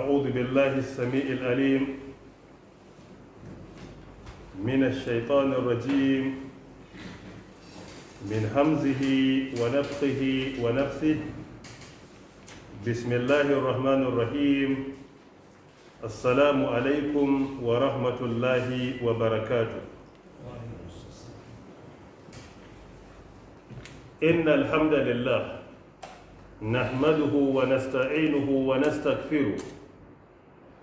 أعوذ بالله السميع العليم من الشيطان الرجيم من همزه ونفخه ونفثه بسم الله الرحمن الرحيم السلام عليكم ورحمة الله وبركاته إن الحمد لله نحمده ونستعينه ونستغفره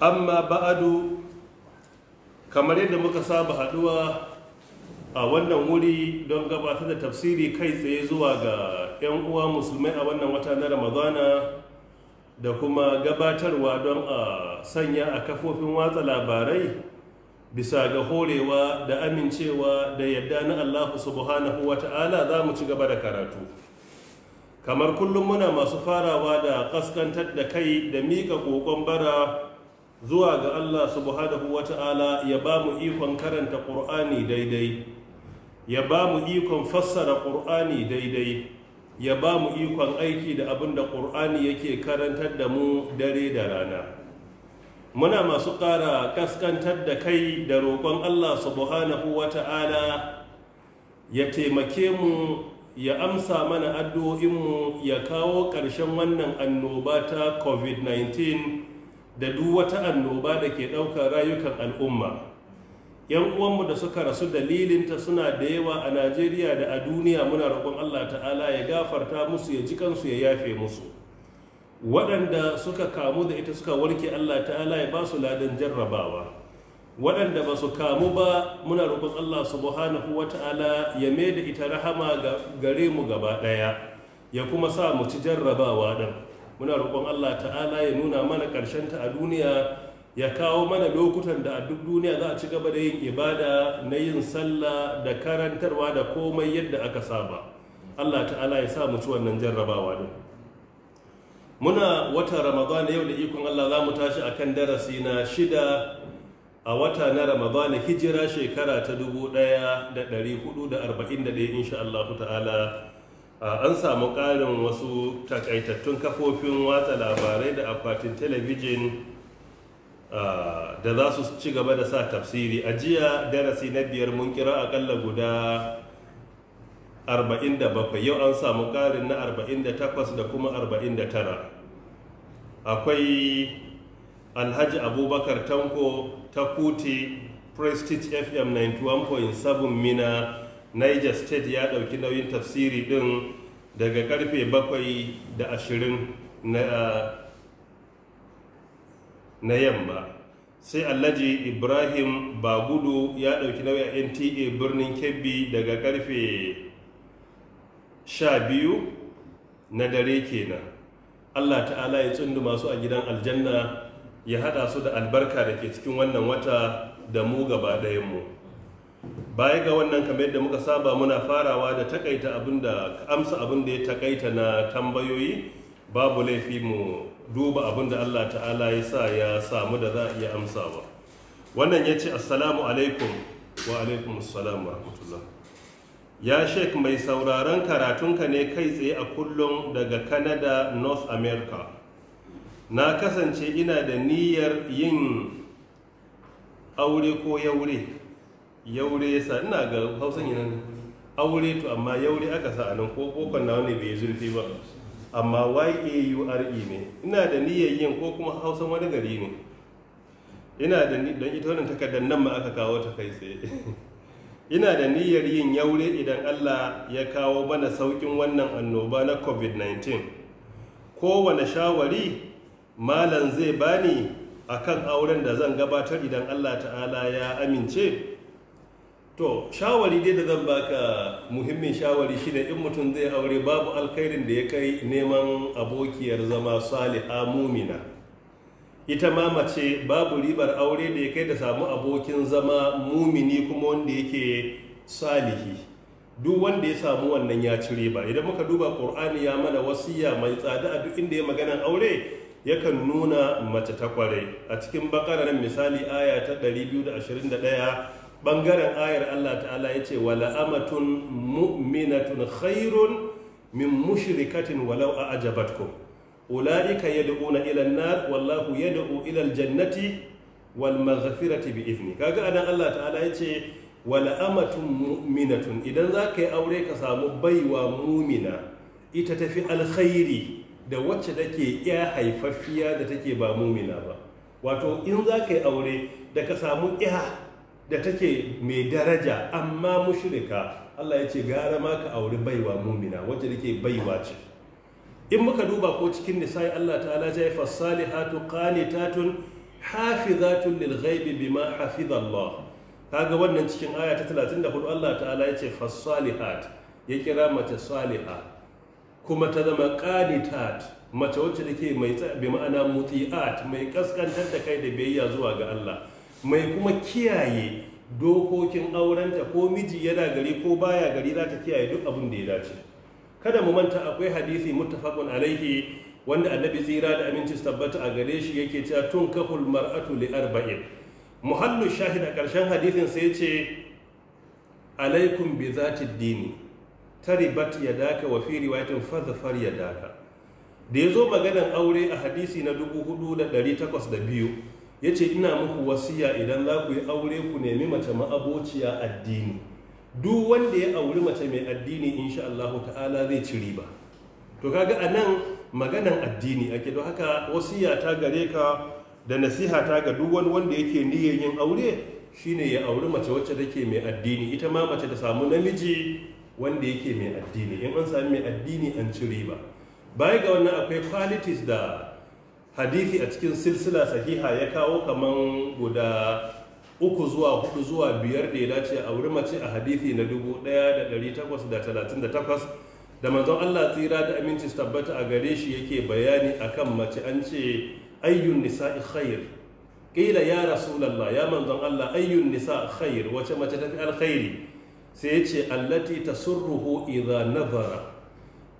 amma ba'adu kamar yadda muka saba haduwa a wannan wuri don gabatar da tafsiri kai tsaye zuwa ga 'yan uwa musulmai a wannan wata na ramadana da kuma gabatarwa don a sanya a kafofin watsa labarai bisa ga horewa da amincewa da yadda na allahu subhanahu wa za mu ci gaba da karatu kamar kullum muna masu farawa da kaskantar da kai da miƙa ƙoƙon bara zuwa ga Allah subhanahu wata'ala ya ba mu ikon karanta ƙur'ani daidai ya ba mu ikon fassara ƙur'ani daidai ya ba mu ikon aiki da abin da ƙur'ani yake karantar da mu dare da rana muna masu ƙara kaskantar da kai da roƙon Allah subhanahu wata'ala ya taimake mu ya amsa mana addu'o'in mu ya kawo ƙarshen wannan annoba ta covid-19 da duk wata annoba da ke ɗaukar rayukan al'umma yan uwanmu da suka rasu dalilinta suna da yawa a najeriya da a duniya muna roƙon allah ta'ala ya gafarta musu ya ji kansu ya yafe musu waɗanda suka kamu da ita suka warke allah ta'ala ya ba su ladan jarrabawa waɗanda ba su kamu ba muna roƙon allah subhanahu wa ta'ala ya mai da ita rahama gare mu gaba ɗaya ya kuma sa mu ci jarrabawa ɗin muna roƙon Allah ta'ala ya nuna mana ƙarshen ta a duniya ya kawo mana lokutan da a duk duniya za a ci gaba da yin ibada na yin sallah da karantarwa da komai yadda aka saba Allah ta'ala ya sa mu ci wannan jarrabawa din muna wata ramadan yau da ikon Allah za mu tashi akan darasi na shida a wata na ramadan hijira shekara ta dubu da da ɗari 1441 insha Allah ta'ala an samu ƙarin wasu takaitattun kafofin watsa labarai da akwatin telebijin da za su ci gaba da sa tafsiri a jiya darasi na biyar mun kira akalla guda 47 yau an samu ƙarin na 48 da kuma 49 akwai alhaji abubakar tanko ta kuti prestige fm 91.7 mina niger state ya ɗauki nauyin tafsiri ɗin daga karfe 7 da 20 na yamma sai alhaji ibrahim bagudu ya ɗauki nauyi a nta birnin kebbi daga karfe 12 na dare kenan allah ta'ala ya tsundu masu a gidan aljanna ya hada su da albarka da ke cikin wannan wata da mu gaba ɗayanmu mu baya ga wannan kamar yadda muka saba muna farawa da takaita abin da amsa abin da ya takaita na tambayoyi babu laifi mu duba abin da Allah ta'ala ya sa ya samu da za a iya amsawa wannan ya ce assalamu alaikum wa alaikum assalam wa rahmatullah ya sheik mai sauraron karatunka ne kai tsaye a kullum daga canada north america na kasance ina da niyyar yin aure ko yaure yaure sa ina ga hausan yana ne aure to amma yaure aka sa anan ko kokon nawa ne bai zurfi ba amma yaure ne ina da niyyar yin ko kuma hausan wani gari ne ina da ni don ita wannan takardar nan ma aka kawo ta kai tsaye ina da niyyar yin yaure idan Allah ya kawo mana saukin wannan annoba na covid-19 kowane shawari malam zai bani akan auren da zan gabatar idan Allah ta'ala ya amince to shawari dai da zan baka muhimmin shawari shine in mutum zai aure babu alkhairin da ya kai neman abokiyar zama saliha mumina ita ma mace babu ribar aure da ya kai da samu abokin zama mumini kuma wanda yake salihi duk wanda ya samu wannan ya ci riba idan muka duba qur'ani ya mana wasiya mai tsada a duk inda ya maganan aure yakan nuna mace ta kware a cikin bakara misali aya ta 221 bangaren ayar Allah ta'ala ya ce wala amatun mu'minatun khairun min mushrikatin walau a ajabatkum ula'ika yad'una ila an-nar wallahu yad'u ila al-jannati wal maghfirati bi idni kaga anan Allah ta'ala ya ce wala amatun mu'minatun idan za ka yi aure ka samu baiwa mumina ita tafi alkhairi da wacce take iya haifaffiya da take ba mumina ba wato in za ka yi aure da ka samu iya?" da take mai daraja amma mushrika Allah ya ce gara ma ka auri baiwa mumina wacce take baiwa ce in muka duba ko cikin ya Allah ta'ala ya yi fasalihatu qanitatun hafizatun lil ghaibi bima hafiz Allah kaga wannan cikin aya ta 34 Allah ta'ala ya ce fasalihat ya kira mace saliha kuma ta zama qanitat mace wacce take mai bi ma'ana muti'at mai kaskantar da kai da biyayya zuwa ga Allah mai kuma kiyaye dokokin aurenta ko miji yana gari ko baya gari za ta kiyaye duk abin da ya dace kada mu manta akwai hadisi muttafaqun alaihi wanda annabi tsira da aminci tabbata a gare shi yake cewa tun kaful mar'atu li arba'in muhallu shahida karshen hadisin sai ce alaikum bi zati dini taribat yadaka wa fi riwayatin fadhfar yadaka da yazo maganan aure a hadisi na 4802 ya ce ina muku wasiya idan za ku yi aure ku nemi mace ma'abociya addini duk wanda ya auri mace mai addini insha Allah ta'ala zai ci riba to kaga a nan maganan addini ake to haka wasiya ta gare ka da nasiha ta ga duk wanda yake niyyar yin aure shine ya auri mace wacce take mai addini ita ma mace ta samu namiji wanda yake mai addini in an sami mai addini an ci riba baya ga wannan akwai qualities da hadisi a cikin silsila sahiha ya kawo kaman guda uku zuwa hudu zuwa biyar da ya dace a wuri mace a hadisi na 1838 da manzon Allah tsira da aminci su tabbata a gare shi yake bayani akan mace an ce ayyun nisa khair qila ya rasulullah ya manzon Allah ayyun nisa khair wace mace ta fi alkhairi sai ya ce allati tasurruhu idha nazara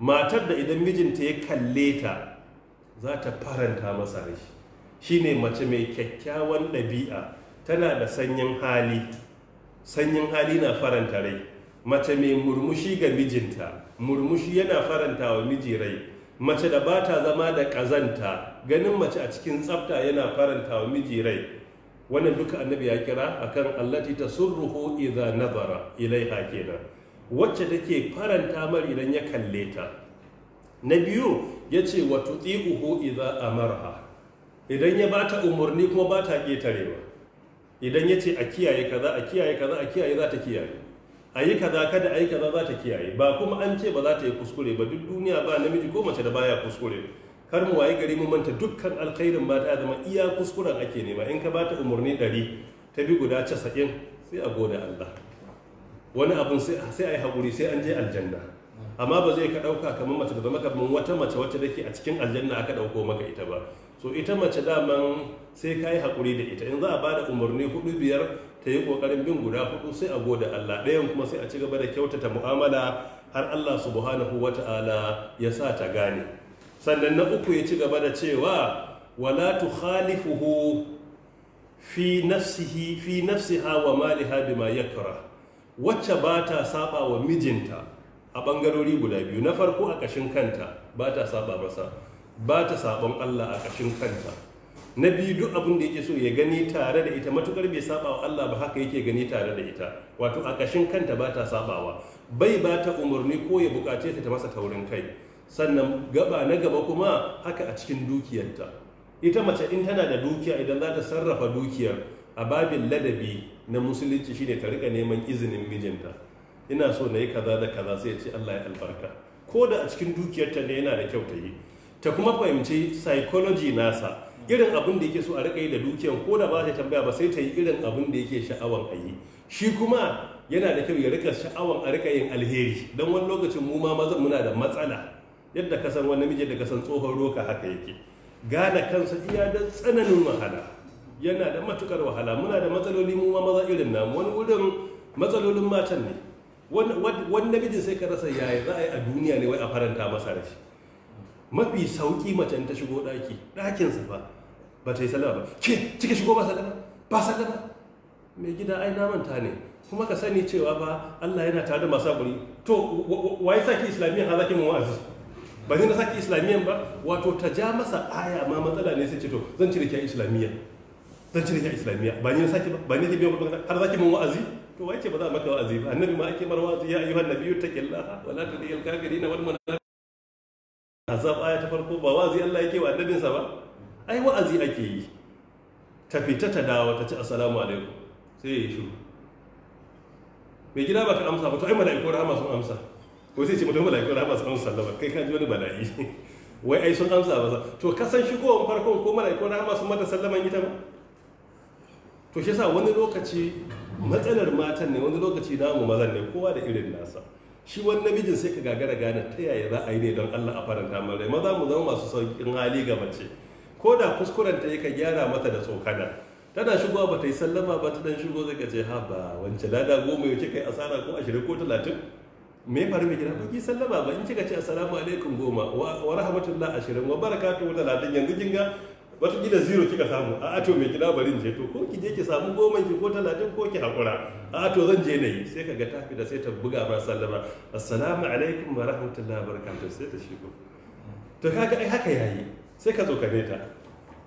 matar da idan mijinta ya kalle ta za ta faranta masa rai Shi ne mace mai kyakkyawan ɗabi'a tana da sanyin hali sanyin hali na faranta rai mace mai murmushi ga mijinta murmushi yana faranta wa miji rai mace da ba ta zama da ƙazanta ganin mace a cikin tsafta yana faranta wa miji rai wannan duka annabi ya kira akan allati tasurruhu idza nazara ilaiha kenan wacce take faranta mar idan ya kalle ta na biyu ya ce wa a mara mara idan ya bata umarni kuma bata ketarewa idan ya ce a kiyaye kaza a kiyaye kaza a kiyaye za ta kiyaye a yi kaza kada a yi kaza za ta kiyaye ba kuma an ce ba za ta yi kuskure ba duk duniya ba namiji ko mace da baya kuskure kar mu waye gari mu manta dukkan alkhairin ba ta zama iya kuskuren ake nema in ka ba ta umarni ɗari ta bi guda casa'in sai a gode Allah wani abun sai a yi haƙuri sai an je aljanna amma ba zai ka ɗauka kamar mace da maka min wata mace wacce take a cikin aljanna aka ɗauko maka ita ba so ita mace daman sai ka yi haƙuri da ita in za a ba da umarni hudu biyar ta yi ƙoƙarin bin guda hudu sai a goda Allah ɗayan kuma sai a ci gaba da kyautata mu'amala har Allah subhanahu wa ta'ala ya sa ta gane sannan na uku ya ci gaba da cewa wala tukhalifuhu fi nafsihi fi nafsiha wa maliha bima yakra wacce ba ta saba wa mijinta a bangarori guda biyu na farko a ƙashin kanta ba ta saba masa ba ta sabon Allah a ƙashin kanta na biyu duk abin da yake so ya gani tare da ita matukar bai saba wa Allah ba haka yake gani tare da ita wato a ƙashin kanta ba ta sabawa bai ba ta umarni ko ya buƙace ta ta masa taurin kai sannan gaba na gaba kuma haka a cikin dukiyarta ita mace in tana da dukiya idan za ta sarrafa dukiyar a babin ladabi na musulunci shine ta rika neman izinin mijinta ina so na yi kaza da kaza sai ya ce Allah ya albarka ko da a cikin dukiyarta ne yana da kyau ta yi ta kuma fahimci psychology nasa irin abin da yake so a riƙa yi da dukiyan ko da ba ta tambaya ba sai ta yi irin abin da yake sha'awan a yi shi kuma yana da kyau ya rika sha'awan a rika yin alheri don wani lokacin mu ma mazan muna da matsala yadda ka san wani miji da ka san tsohon roka haka yake gane kansa iya da tsananin wahala yana da matukar wahala muna da matsaloli mu ma maza irin namu wani wurin matsalolin matan ne wani namijin sai ka rasa yayi za a yi a duniya ne wai a faranta masa da shi mafi sauki macen ta shigo ɗaki ɗakinsa ba ba ta yi sallama ba ke cika shigo ba sallama ba sallama mai gida ai na manta ne kuma ka sani cewa ba Allah yana tare da masu hakuri to wai saki islamiyyan ha zaki mu wa'azi ba ni na saki islamiyyan ba wato ta ja masa aya ma matsala ne sai ce to zan cire ki islamiyya zan cire ki islamiyya ba ni na saki ba ba ni na biyo har zaki mu wa'azi to wace ba za a maka wa'azi ba annabi ma ake mar wa'azi ya ayyuhan nabiyyu taqillaha wa la tudil kafirina wal munafiqina azab aya ta farko ba wa'azi Allah yake wa annabinsa ba ai wa'azi ake yi ta fita ta dawo ta ce assalamu alaikum sai ya shiru mai gida ba ka amsa ba to ai mala'ikun rahama sun amsa ko sai ce mutum mala'ikun rahama sun amsa sallama kai ka ji wani bala'i wai ai sun amsa ba to kasan shigowar farkon ko mala'ikun rahama sun mata sallaman ta ba to shi yasa wani lokaci matsalar matan ne wani lokaci namu mazan ne kowa da irin nasa shi wani namijin sai ka gagara gane ta yaya za a yi ne don Allah a faranta mara maza mu zama masu saukin hali ga mace ko da kuskuren ta yi ka gyara mata da tsokana tana shigowa ba ta yi sallama ba ta dan shigo zai ce ha ba wance lada goma yau kika yi asara ko ashirin ko talatin me faru mai gida kuki sallama ba in kika ce assalamu alaikum goma wa rahmatullah ashirin wa barakatuhu talatin yanzu kin gida zero kika samu a to mai gida barin je to ko ki je ki samu goma ki ko talatin ko ki hakura a to zan je nayi sai ka ta fita sai ta buga ba sallama assalamu alaikum wa rahmatullahi wa barakatuh sai ta shigo to kaga ai haka yayi sai ka ka ta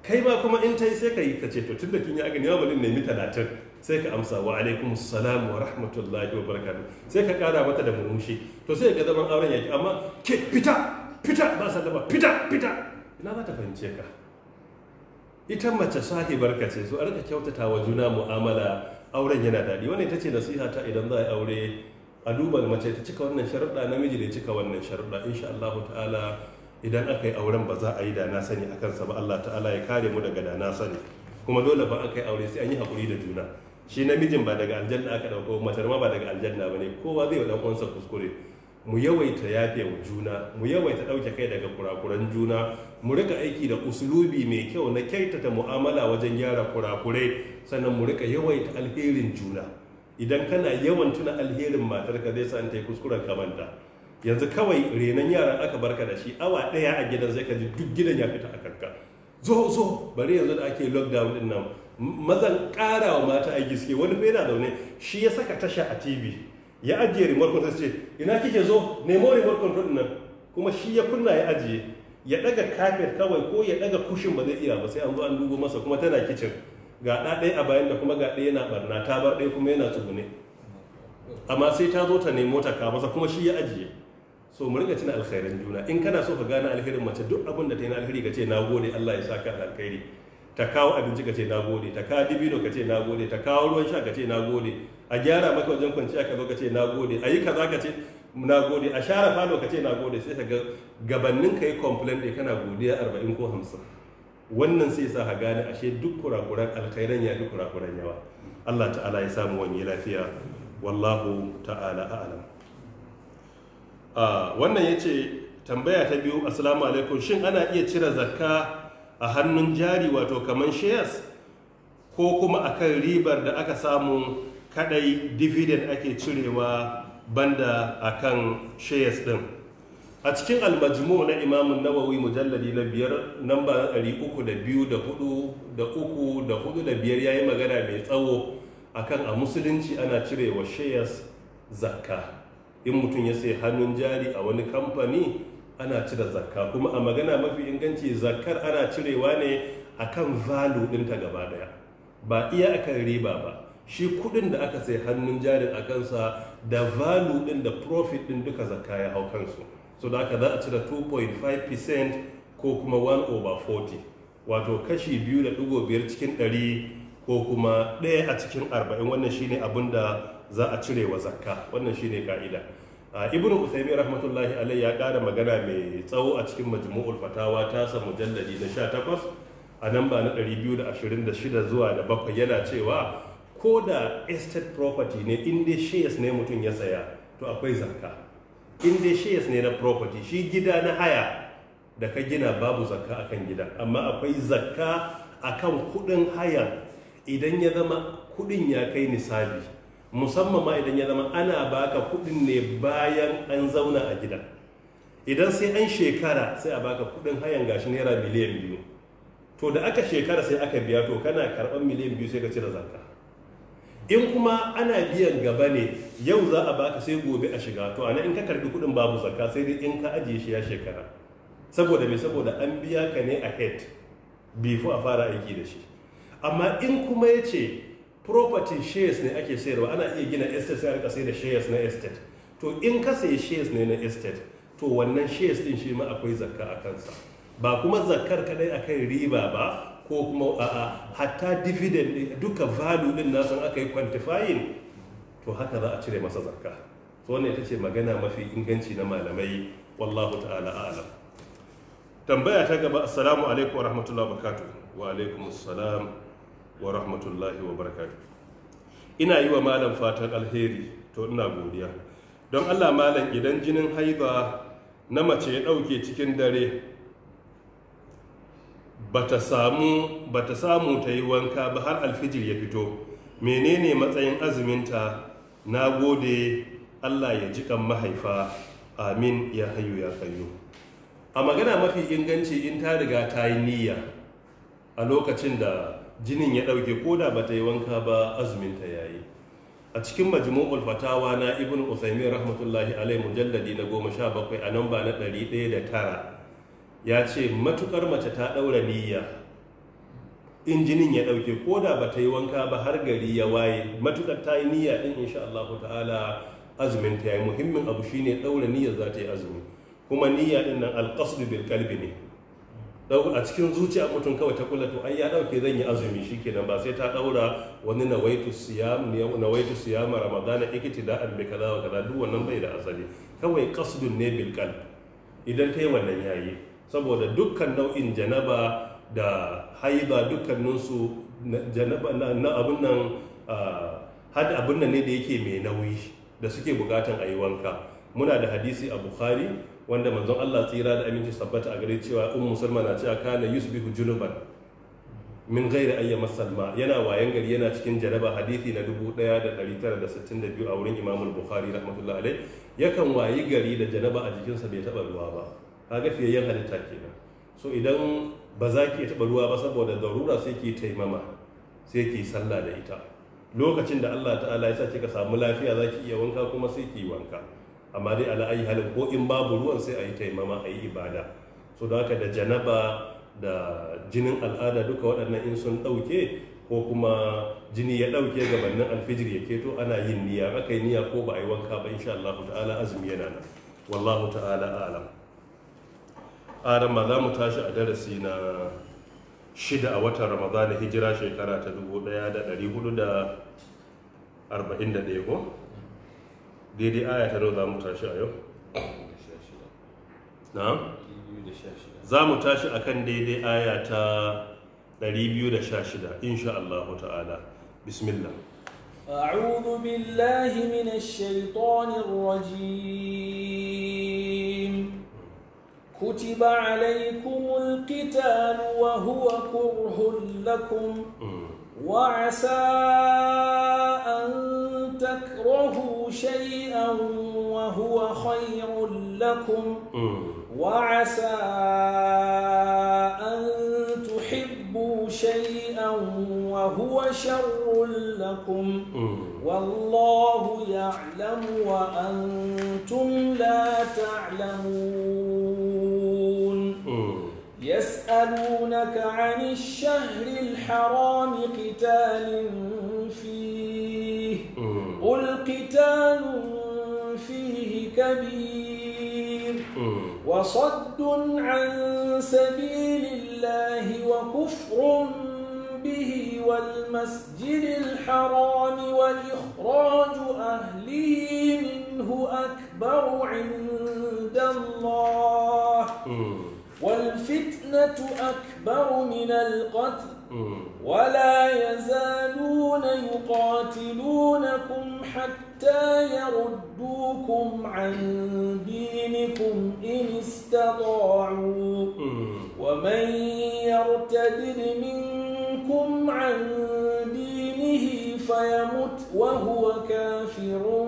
kai ma kuma in ta yi sai ka yi ka ce to tunda kin yi agani ma bari nemi talatin sai ka amsa wa alaikum assalam wa rahmatullahi wa barakatuh sai ka kara mata da murmushi to sai ka zaman auren yaki amma ke fita fita ba sallama fita fita ina za ta fahimce ka ita mace sahi barka ce so a rika kyautata wa juna mu'amala auren yana daɗi wani ta ce nasiha ta idan za a yi aure a duba mace ta cika wannan sharuɗa namiji da ya cika wannan sharuɗa insha Allah ta'ala idan aka yi auren ba za a yi da na sani a kansa ba Allah ta'ala ya kare mu daga da na sani kuma dole ba aka yi aure sai an yi haƙuri da juna shi namijin ba daga aljanna aka ɗauko mace ma ba daga aljanna ba ne kowa zai wa ɗan uwansa kuskure mu yawaita yafe wa juna mu yawaita ɗauke kai daga kurakuran juna mu rika aiki da usulubi mai kyau na kyautata mu'amala wajen gyara kurakurai sannan mu rika yawaita alherin juna idan kana yawan tuna alherin matar ka, zai san ta yi kuskuren kamanta yanzu kawai renon yaran aka barka da shi awa ɗaya a gidan zai ka ji duk gidan ya fita a karka. zo zo bari yanzu da ake lockdown din nan mazan ƙara wa mata aiki giske, wani bai yana zaune shi ya saka tasha a tv ya ajiye remote control ce ina kike zo nemo remote control din nan kuma shi ya kunna ya ajiye ya daga kafet kawai ko ya daga kushin ba zai iya ba sai an zo an dugo masa kuma tana kicin ga ɗaɗai a bayan da kuma ga ɗaya yana barna ta bar ɗaya kuma yana tsugune amma sai ta zo ta nemo ta ka masa kuma shi ya ajiye so mu riga tuna alkhairin juna in kana so ka gane alherin mace duk abin da ta yi na alheri ka ce na gode Allah ya saka da alkhairi ta kawo abinci ka ce na gode ta kawo dibino ka ce na gode ta kawo ruwan sha ka ce na gode a gyara maka wajen kwanciya ka zo ka ce nagode a yi kaza ka ce nagode a share falo ka ce nagode sai ka ga gabannin ka yi complain ɗin kana godiya arba'in ko hamsin wannan sai sa ka gane ashe duk kurakuran alkhairan ya duk kurakuran yawa Allah ta'ala ya samu wani lafiya wallahu ta'ala a'lam wannan yace tambaya ta biyu assalamu alaikum shin ana iya cire zakka a hannun jari wato kaman shares ko kuma akan ribar da aka samu kadai dividend ake cirewa banda a kan shares din a cikin almajmu na imamun nawawi mujallali na biyar namba dari uku da biyu da hudu da uku da hudu da biyar yayi magana mai tsawo A kan a musulunci ana cirewa shares zakka in mutum ya sai hannun jari a wani kamfani ana cire zakka kuma a magana mafi inganci zakkar ana cirewa ne a kan valo ɗinta gaba daya ba iya akan riba ba shi kudin da aka sai hannun jarin a kansa da value din da profit din duka zakka ya hau kansu so da aka za a cire 2.5% ko kuma 1 over 40 wato kashi biyu da cikin ɗari ko kuma ɗaya a cikin arba'in wannan shine abin da za a cire wa zakka wannan shine ka'ida Ibn usaimin rahmatullahi alai ya kara magana mai tsawo a cikin majmu'ul fatawa tasa mujalladi na 18 a namba na 226 zuwa da bakwai yana cewa ko da estate property ne inda shares ne mutum ya saya to akwai zakka inda shares ne na property shi gida na haya da ka gina babu zakka akan gida amma akwai zakka akan kudin haya idan ya zama kudin ya kai nisabi musamman ma idan ya zama ana baka kudin ne bayan an zauna a gida idan sai an shekara sai a baka kudin hayan gashi naira miliyan biyu to da aka shekara sai aka biya to kana karban miliyan biyu sai ka cire zakka in kuma ana biyan gaba ne yau za a baka sai gobe a shiga to ana in ka karbi kudin babu zakka sai dai in ka ajiye shi ya shekara saboda me saboda an biya ka ne a head before a fara aiki da shi amma in kuma ya ce property shares ne ake sayarwa ana iya gina estate sai a sai da shares na estate to in ka sayi shares ne na estate to wannan shares din shi ma akwai zakka a kansa ba kuma zakkar kadai akan riba ba ko kuma a'a hatta dividend ɗin duka value ɗin nasan aka yi quantifying to haka za a cire masa zakka to wannan ita ce magana mafi inganci na malamai wallahu ta'ala a'lam tambaya ta gaba assalamu alaikum wa rahmatullahi wa barakatuh wa alaikum assalam wa rahmatullahi wa barakatuh ina yi wa malam fatan alheri to ina godiya don allah malam idan jinin haiba na mace ya ɗauke cikin dare bata samu bata samu ta yi wanka ba har alfijir ya fito menene matsayin azuminta na gode allah ya jikan mahaifa amin ya hayu ya kayu a magana mafi inganci in ta riga ta yi niyya a lokacin da jinin ya ɗauke ko da bata yi wanka ba azuminta ya yi a cikin majmu'ul fatawa na ibn usaimin rahmatullahi alaihi mujalladi na goma sha bakwai a nan ba na ɗari ɗaya da tara ya ce matukar mace ta ɗaura niyya injinin ya ɗauke ko da ba ta yi wanka ba har gari ya waye matukar ta yi niyya din insha Allah ta'ala azumin ta yi muhimmin abu shine ɗaura niyya za ta yi azumi kuma niyya dinnan nan alqasd bil qalbi ne a cikin zuciya mutum kawai ta kula to ai ya ɗauke zan yi azumi shikenan ba sai ta ɗaura wani nawaitu siyam nawaitu siyam ramadana da bi kaza wa kaza duk wannan bai da asali kawai qasdun ne bil idan ta yi wannan yayi saboda dukkan nau'in janaba da haiba dukkaninsu na abin nan had abin nan ne da yake mai nauyi da suke bukatan a yi wanka muna da hadisi a bukhari wanda manzon Allah tsira da aminci sabbata a gare cewa in musulma na cewa kana yusbihu junuban min ghairi ayya masalma yana wayan gari yana cikin jaraba hadisi na 1962 a wurin imamul bukhari rahmatullahi alai yakan wayi gari da janaba a jikinsa bai taba ruwa ba kaga fiyayyen halitta kenan so idan ba za ki taɓa ruwa ba saboda darura sai ki taimama sai ki sallah da ita lokacin da Allah ta'ala ya sa kika samu lafiya za ki iya wanka kuma sai ki wanka amma dai ala ayi halin ko in babu ruwan sai a yi taimama a yi ibada so da haka da janaba da jinin al'ada duka waɗannan in sun ɗauke ko kuma jini ya ɗauke gabanin alfijir ya keto ana yin niyya aka yi niyya ko ba a yi wanka ba insha Allah ta'ala azumi yana nan wallahu ta'ala a'lam arama za mu tashi a darasi na shida a watan ramadana hijira shekara ta 1441 ko daidai aya ta za mu tashi a yau na za mu tashi a kan daidai aya ta 216 insha Allah ta'ala bismillah أعوذ بالله من الشيطان الرجيم كتب عليكم القتال وهو كره لكم وعسى أن تكرهوا شيئا وهو خير لكم وعسى أن تحبوا شيئا وهو شر لكم والله يعلم وأنتم لا تعلمون يسألونك عن الشهر الحرام قتال فيه قل قتال فيه كبير وصد عن سبيل الله وكفر به والمسجد الحرام وإخراج أهله منه أكبر عند الله الفتنة أكبر من القتل ولا يزالون يقاتلونكم حتى يردوكم عن دينكم إن استطاعوا ومن يرتد منكم عن دينه فيمت وهو كافر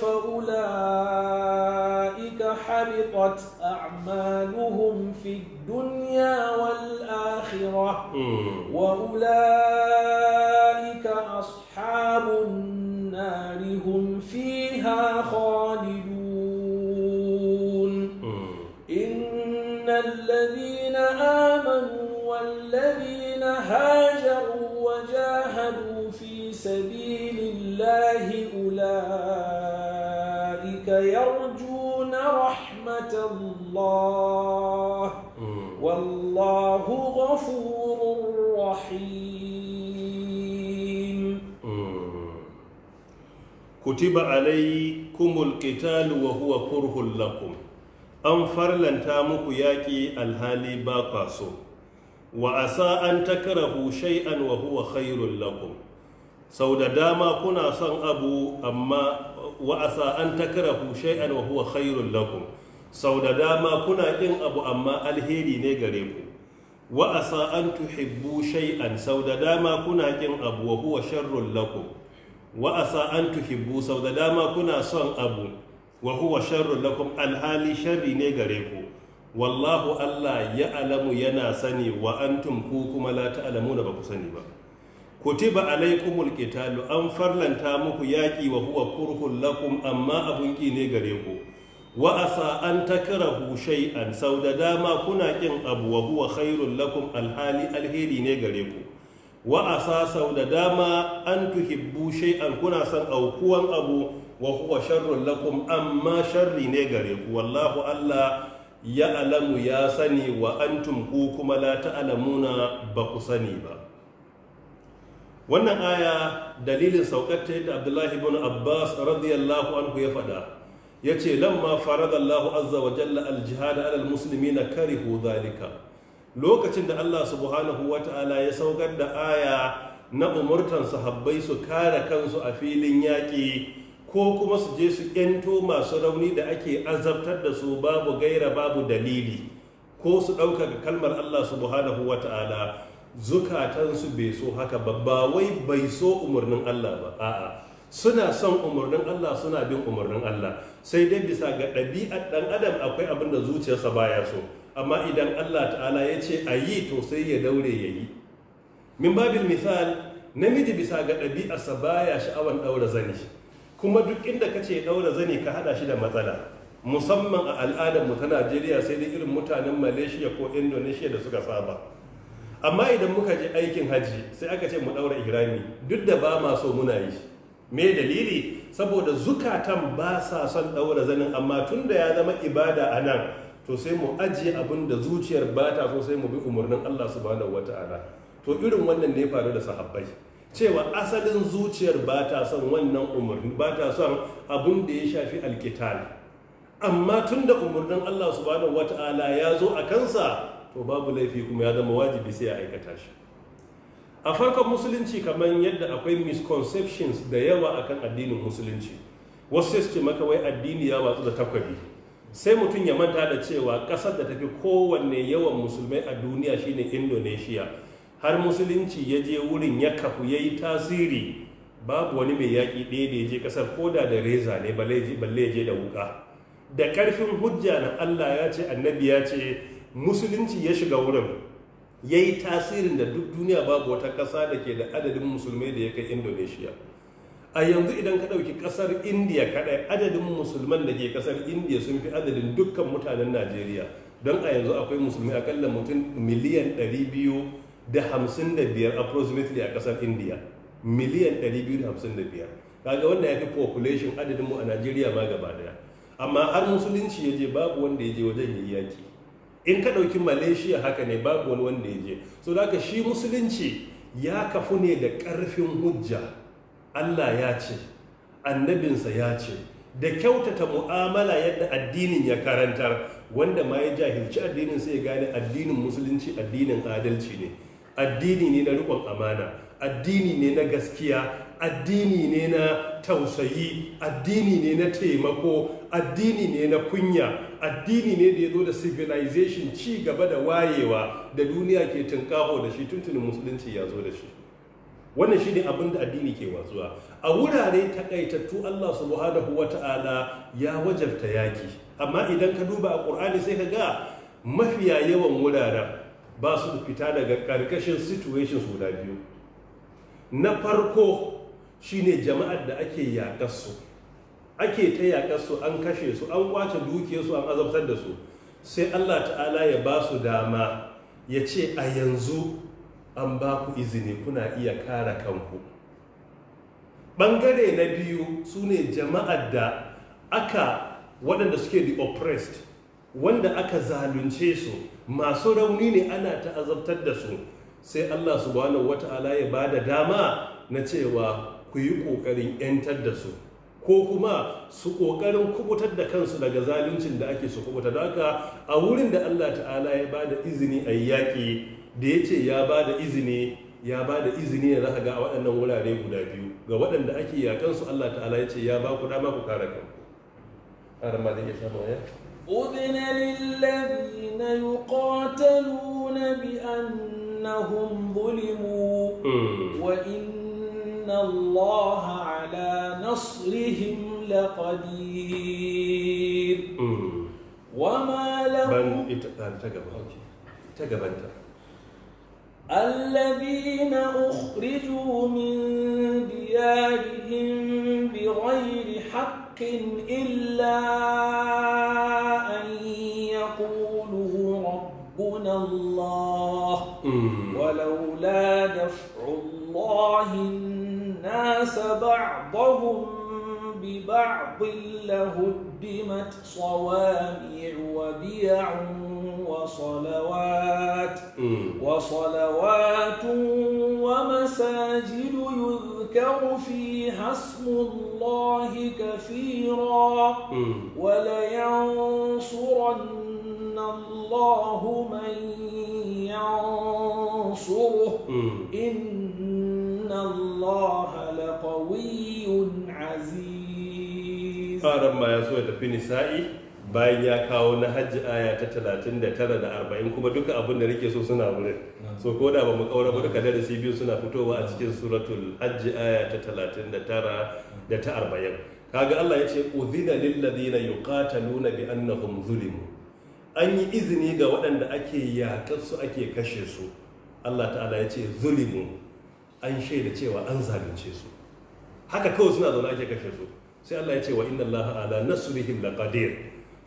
فأولئك حبطت أعمالهم في الدين الدنيا والآخرة وأولئك أصحاب النار هم فيها خالدون إن الذين آمنوا والذين هاجروا وجاهدوا في سبيل الله أولئك يرجون رحمة الله والله غفور رحيم كتب عليكم القتال وهو كره لكم an farlanta muku yaƙi alhali ba kwa so an takarahu shay'an sau da dama kuna son abu amma Wa'asa an takarahu shay'an wa huwa khairul lakum sau da dama kuna ƙin abu amma alheri ne gare ku wa asa an tuhibbu shay'an sau da dama kuna kin abu wa huwa sharrun lakum wa asa an tuhibbu sau da dama kuna son abu wa huwa sharrun lakum alhali sharri ne gare ku wallahu Allah ya alamu yana sani wa antum ku kuma la ta'lamuna ba ku sani ba kutiba alaikumul qitalu an farlanta muku yaƙi, wa huwa kurhun lakum amma abun ki ne gare ku wa asa an takrahu shay'an sau da dama kuna kin abu wa huwa khairun lakum alhali alheri ne gare ku wa asa sau da dama an tuhibbu shay'an kuna son aukuwan abu wa huwa sharrun lakum amma sharri ne gare ku wallahu Allah ya alamu ya sani wa antum ku kuma la ta'lamuna ba ku sani ba wannan aya dalilin saukar ta yadda Abdullahi ibn Abbas radiyallahu anhu ya faɗa ya ce lamma faradallahu azza wa jalla aljihada alal musulmi na karihu zalika lokacin da Allah subhanahu wa ta'ala ya saukar da aya na umurtan sahabbai su kare kansu a filin yaƙi ko kuma su je su ƴanto masu rauni da ake azabtar da su babu gaira babu dalili ko su ɗaukaka kalmar Allah subhanahu wa ta'ala zukatansu bai so haka ba ba wai bai so umarnin Allah ba a'a suna son umarnin Allah suna bin umarnin Allah sai dai bisa ga ɗabi'ar ɗan adam akwai abin da zuciyarsa baya so amma idan Allah ta'ala ya ce a yi to sai ya daure ya yi min babil misal namiji bisa ga ɗabi'arsa baya sha'awan ɗaura zani kuma duk inda ka ce ɗaura zani ka haɗa shi da matsala musamman a al'adar mu ta Najeriya sai dai irin mutanen Malaysia ko Indonesia da suka saba amma idan muka je aikin hajji sai aka ce mu daura ihrami duk da ba ma so muna yi me dalili saboda zukatan ba sa son ɗaura zanin amma tun da ya zama ibada a nan to sai mu ajiye abin da zuciyar ba ta so sai mu bi umarnin Allah subhanahu wata'ala to irin wannan ne faru da sahabbai cewa asalin zuciyar ba ta son wannan umarni ba ta son abin da ya shafi alkital amma tun da umarnin Allah subhanahu wata'ala ya zo a kansa to babu laifi kuma ya zama wajibi sai a aikata shi a farkon musulunci kamar yadda akwai misconceptions da yawa akan addinin musulunci wasu sai ce maka wai addini ya watsu da takwabi sai mutum ya manta da cewa ƙasar da tafi kowanne yawan musulmai a duniya shine indonesia har musulunci ya je wurin ya kafu ya yi tasiri babu wani mai yaƙi ɗaya da ya je ƙasar koda da reza ne balle ya je da wuƙa da ƙarfin hujja na allah ya ce annabi ya ce musulunci ya shiga wurin ya yi tasirin da duk duniya babu wata ƙasa da ke da adadin musulmai da ya kai indonesia a yanzu idan ka ɗauki ƙasar indiya kaɗai adadin musulman da ke ƙasar indiya sun fi adadin dukkan mutanen najeriya don a yanzu akwai musulmi akalla mutum miliyan 255 approximately a ƙasar indiya miliyan 255 kaga wanda ya fi population adadinmu a najeriya ma gaba daya amma har musulunci ya je babu wanda ya je wajen yi yaki in ka ɗauki malaysia haka ne babu wani wanda ya je so da haka shi musulunci ya kafu ne da ƙarfin hujja allah ya ce annabinsa ya ce da kyautata mu'amala yadda addinin ya karantar wanda ma ya jahilci addinin sai ya gane addinin musulunci addinin adalci ne addini ne na riƙon amana addini ne na gaskiya addini ne na tausayi addini ne na taimako addini ne na kunya addini ne da ya zo da civilization ci gaba da wayewa da duniya ke tunkaho da shi tuntunin musulunci ya zo da shi wannan ne abin da addini ke watsuwa a wurare takaitattu Allah su subhanahu ta'ala ya wajabta yaki amma idan ka duba a Qur'ani sai ka ga mafiya yawan wuraren ba su fita daga karkashin su guda biyu na farko shine jama'ar da ake yaƙar su ake ta yaƙar su an kashe su an kwace duke su an azabtar da su sai Allah ta'ala ya ba su dama ya ce a yanzu an ba ku izini kuna iya kara kanku ɓangare na biyu su ne jama'ar da aka waɗanda suke the oppressed wanda aka zalunce su masu rauni ne ana ta azabtar da su sai Allah Su subhanahu wata'ala ya ba da dama na cewa ku yi ƙoƙarin 'yantar da su ko kuma su ƙoƙarin kubutar da kansu daga zaluncin da ake su kubuta don haka a wurin da Allah ta'ala ya ba da izini a yaƙi da ya ce ya ba da izini ya ba da izini ne za ga a waɗannan wurare guda biyu ga waɗanda ake su Allah ta'ala ya ce ya ba ku dama ku kare kanku. أرمى ذي إن الله على نصرهم لقدير وما لهم آه، الذين أخرجوا من ديارهم بغير حق إلا أن يقولوا ربنا الله ولولا دفع الله الناس بعضهم ببعض لهدمت صوامع وبيع وصلوات وصلوات ومساجد يذكر فيها اسم الله كثيرا ولينصرن الله من ينصره إن ma ya so ya tafi nisa'i bayan ya kawo na hajji aya ta 39 da 40 kuma duka abin da nake so suna wurin so ko da ba mu kaura ba duka darasi biyu suna fitowa a cikin suratul hajji aya ta 39 da ta 40 kaga Allah ya ce udhina lil ladina yuqataluna bi annahum zulimu an yi izini ga waɗanda ake yaƙar su ake kashe su Allah ta'ala ya ce zulimu an shaida cewa an zalunce su haka kawai suna zaune ake kashe su sai Allah ya ce wa inna Allah ala nasrihim laqadir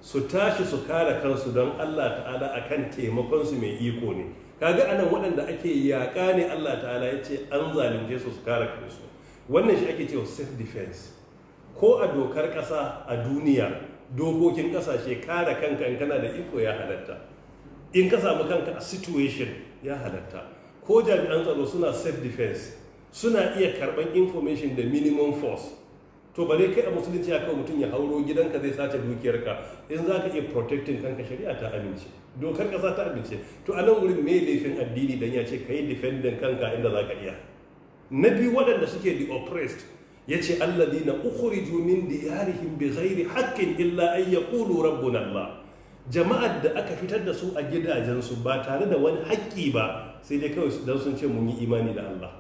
su tashi su kare kansu don Allah ta'ala akan taimakon su mai iko ne kaga anan waɗanda ake yaƙa ne Allah ta'ala ya ce an zalunce su su kare kansu wannan shi ake cewa self defense ko a dokar kasa a duniya dokokin ƙasashe kare kanka in kana da iko ya halatta in ka samu kanka a situation ya halatta ko jami'an tsaro suna self defense suna iya karɓar information da minimum force to bare kai a musulunci akan mutum ya hauro gidanka zai sace dukiyarka in za ka iya protectin kanka shari'a ta amince dokar kasa ta amince to a nan wurin me laifin addini dan ya ce ka yi defendin kanka inda za ka iya na biyu waɗanda suke the oppressed ya ce alladina ukhriju min diyarihim bi ghairi haqqin illa an yaqulu rabbuna allah jama'ar da aka fitar da su a gidajensu ba tare da wani haƙƙi ba sai dai kawai dan sun ce mun yi imani da Allah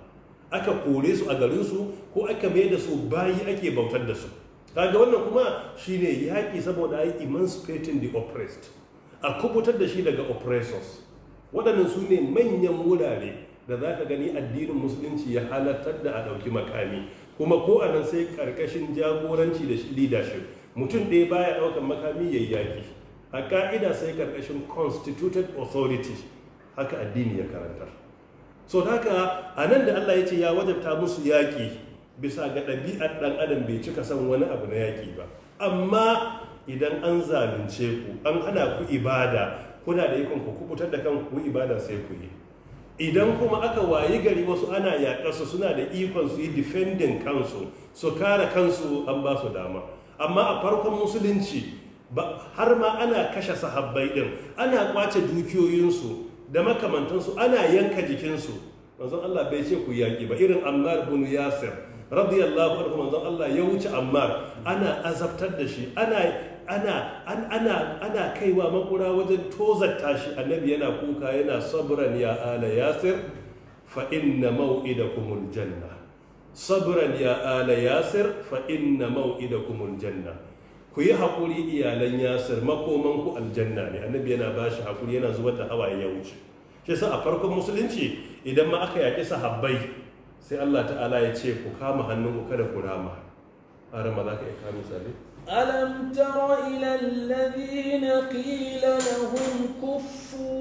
aka kore su a garinsu ko aka mai da su bayi ake bautar da su kaga wannan kuma shine yaƙi saboda yi emancipating the oppressed a kubutar da shi daga oppressors waɗannan su ne manyan wurare da za ka gani addinin musulunci ya halartar da a ɗauki makami kuma ko a nan sai ƙarƙashin jagoranci da leadership mutum ɗaya baya ɗaukar makami ya yaƙi a ƙa'ida sai ƙarƙashin constituted authority haka addini ya karantar so haka a nan da Allah ya ce ya wajabta musu yaƙi bisa ga ɗabi'ar ɗan adam bai cika son wani abu na yaƙi ba amma idan an zalunce ku an hana ku ibada kuna da ikon ku kubutar da kanku ku ibada sai ku yi idan kuma aka wayi gari wasu ana yaƙarsu suna da ikon su yi defending kansu su kare kansu an ba su dama amma a farkon musulunci har ma ana kashe sahabbai din ana kwace dukiyoyinsu da makamantansu ana yanka jikinsu manzon Allah bai ce ku yaƙi ba irin Ammar bin Yasir radiyallahu anhu manzon Allah ya wuce Ammar ana azabtar da shi ana ana ana ana kaiwa makura wajen tozarta shi annabi yana kuka yana sabran ya ala yasir fa inna maw'idakumul janna sabran ya ala yasir fa inna maw'idakumul janna ku yi haƙuri iyalan yasir makoman ku aljanna ne annabi yana ba shi haƙuri yana zubar da hawaye ya wuce shi sa a farkon musulunci idan ma aka yaƙi sahabbai sai Allah ta'ala ya ce ku kama hannun ku kada ku rama har ma za ka iya kama misali alam tara ila alladhina qila lahum kuffu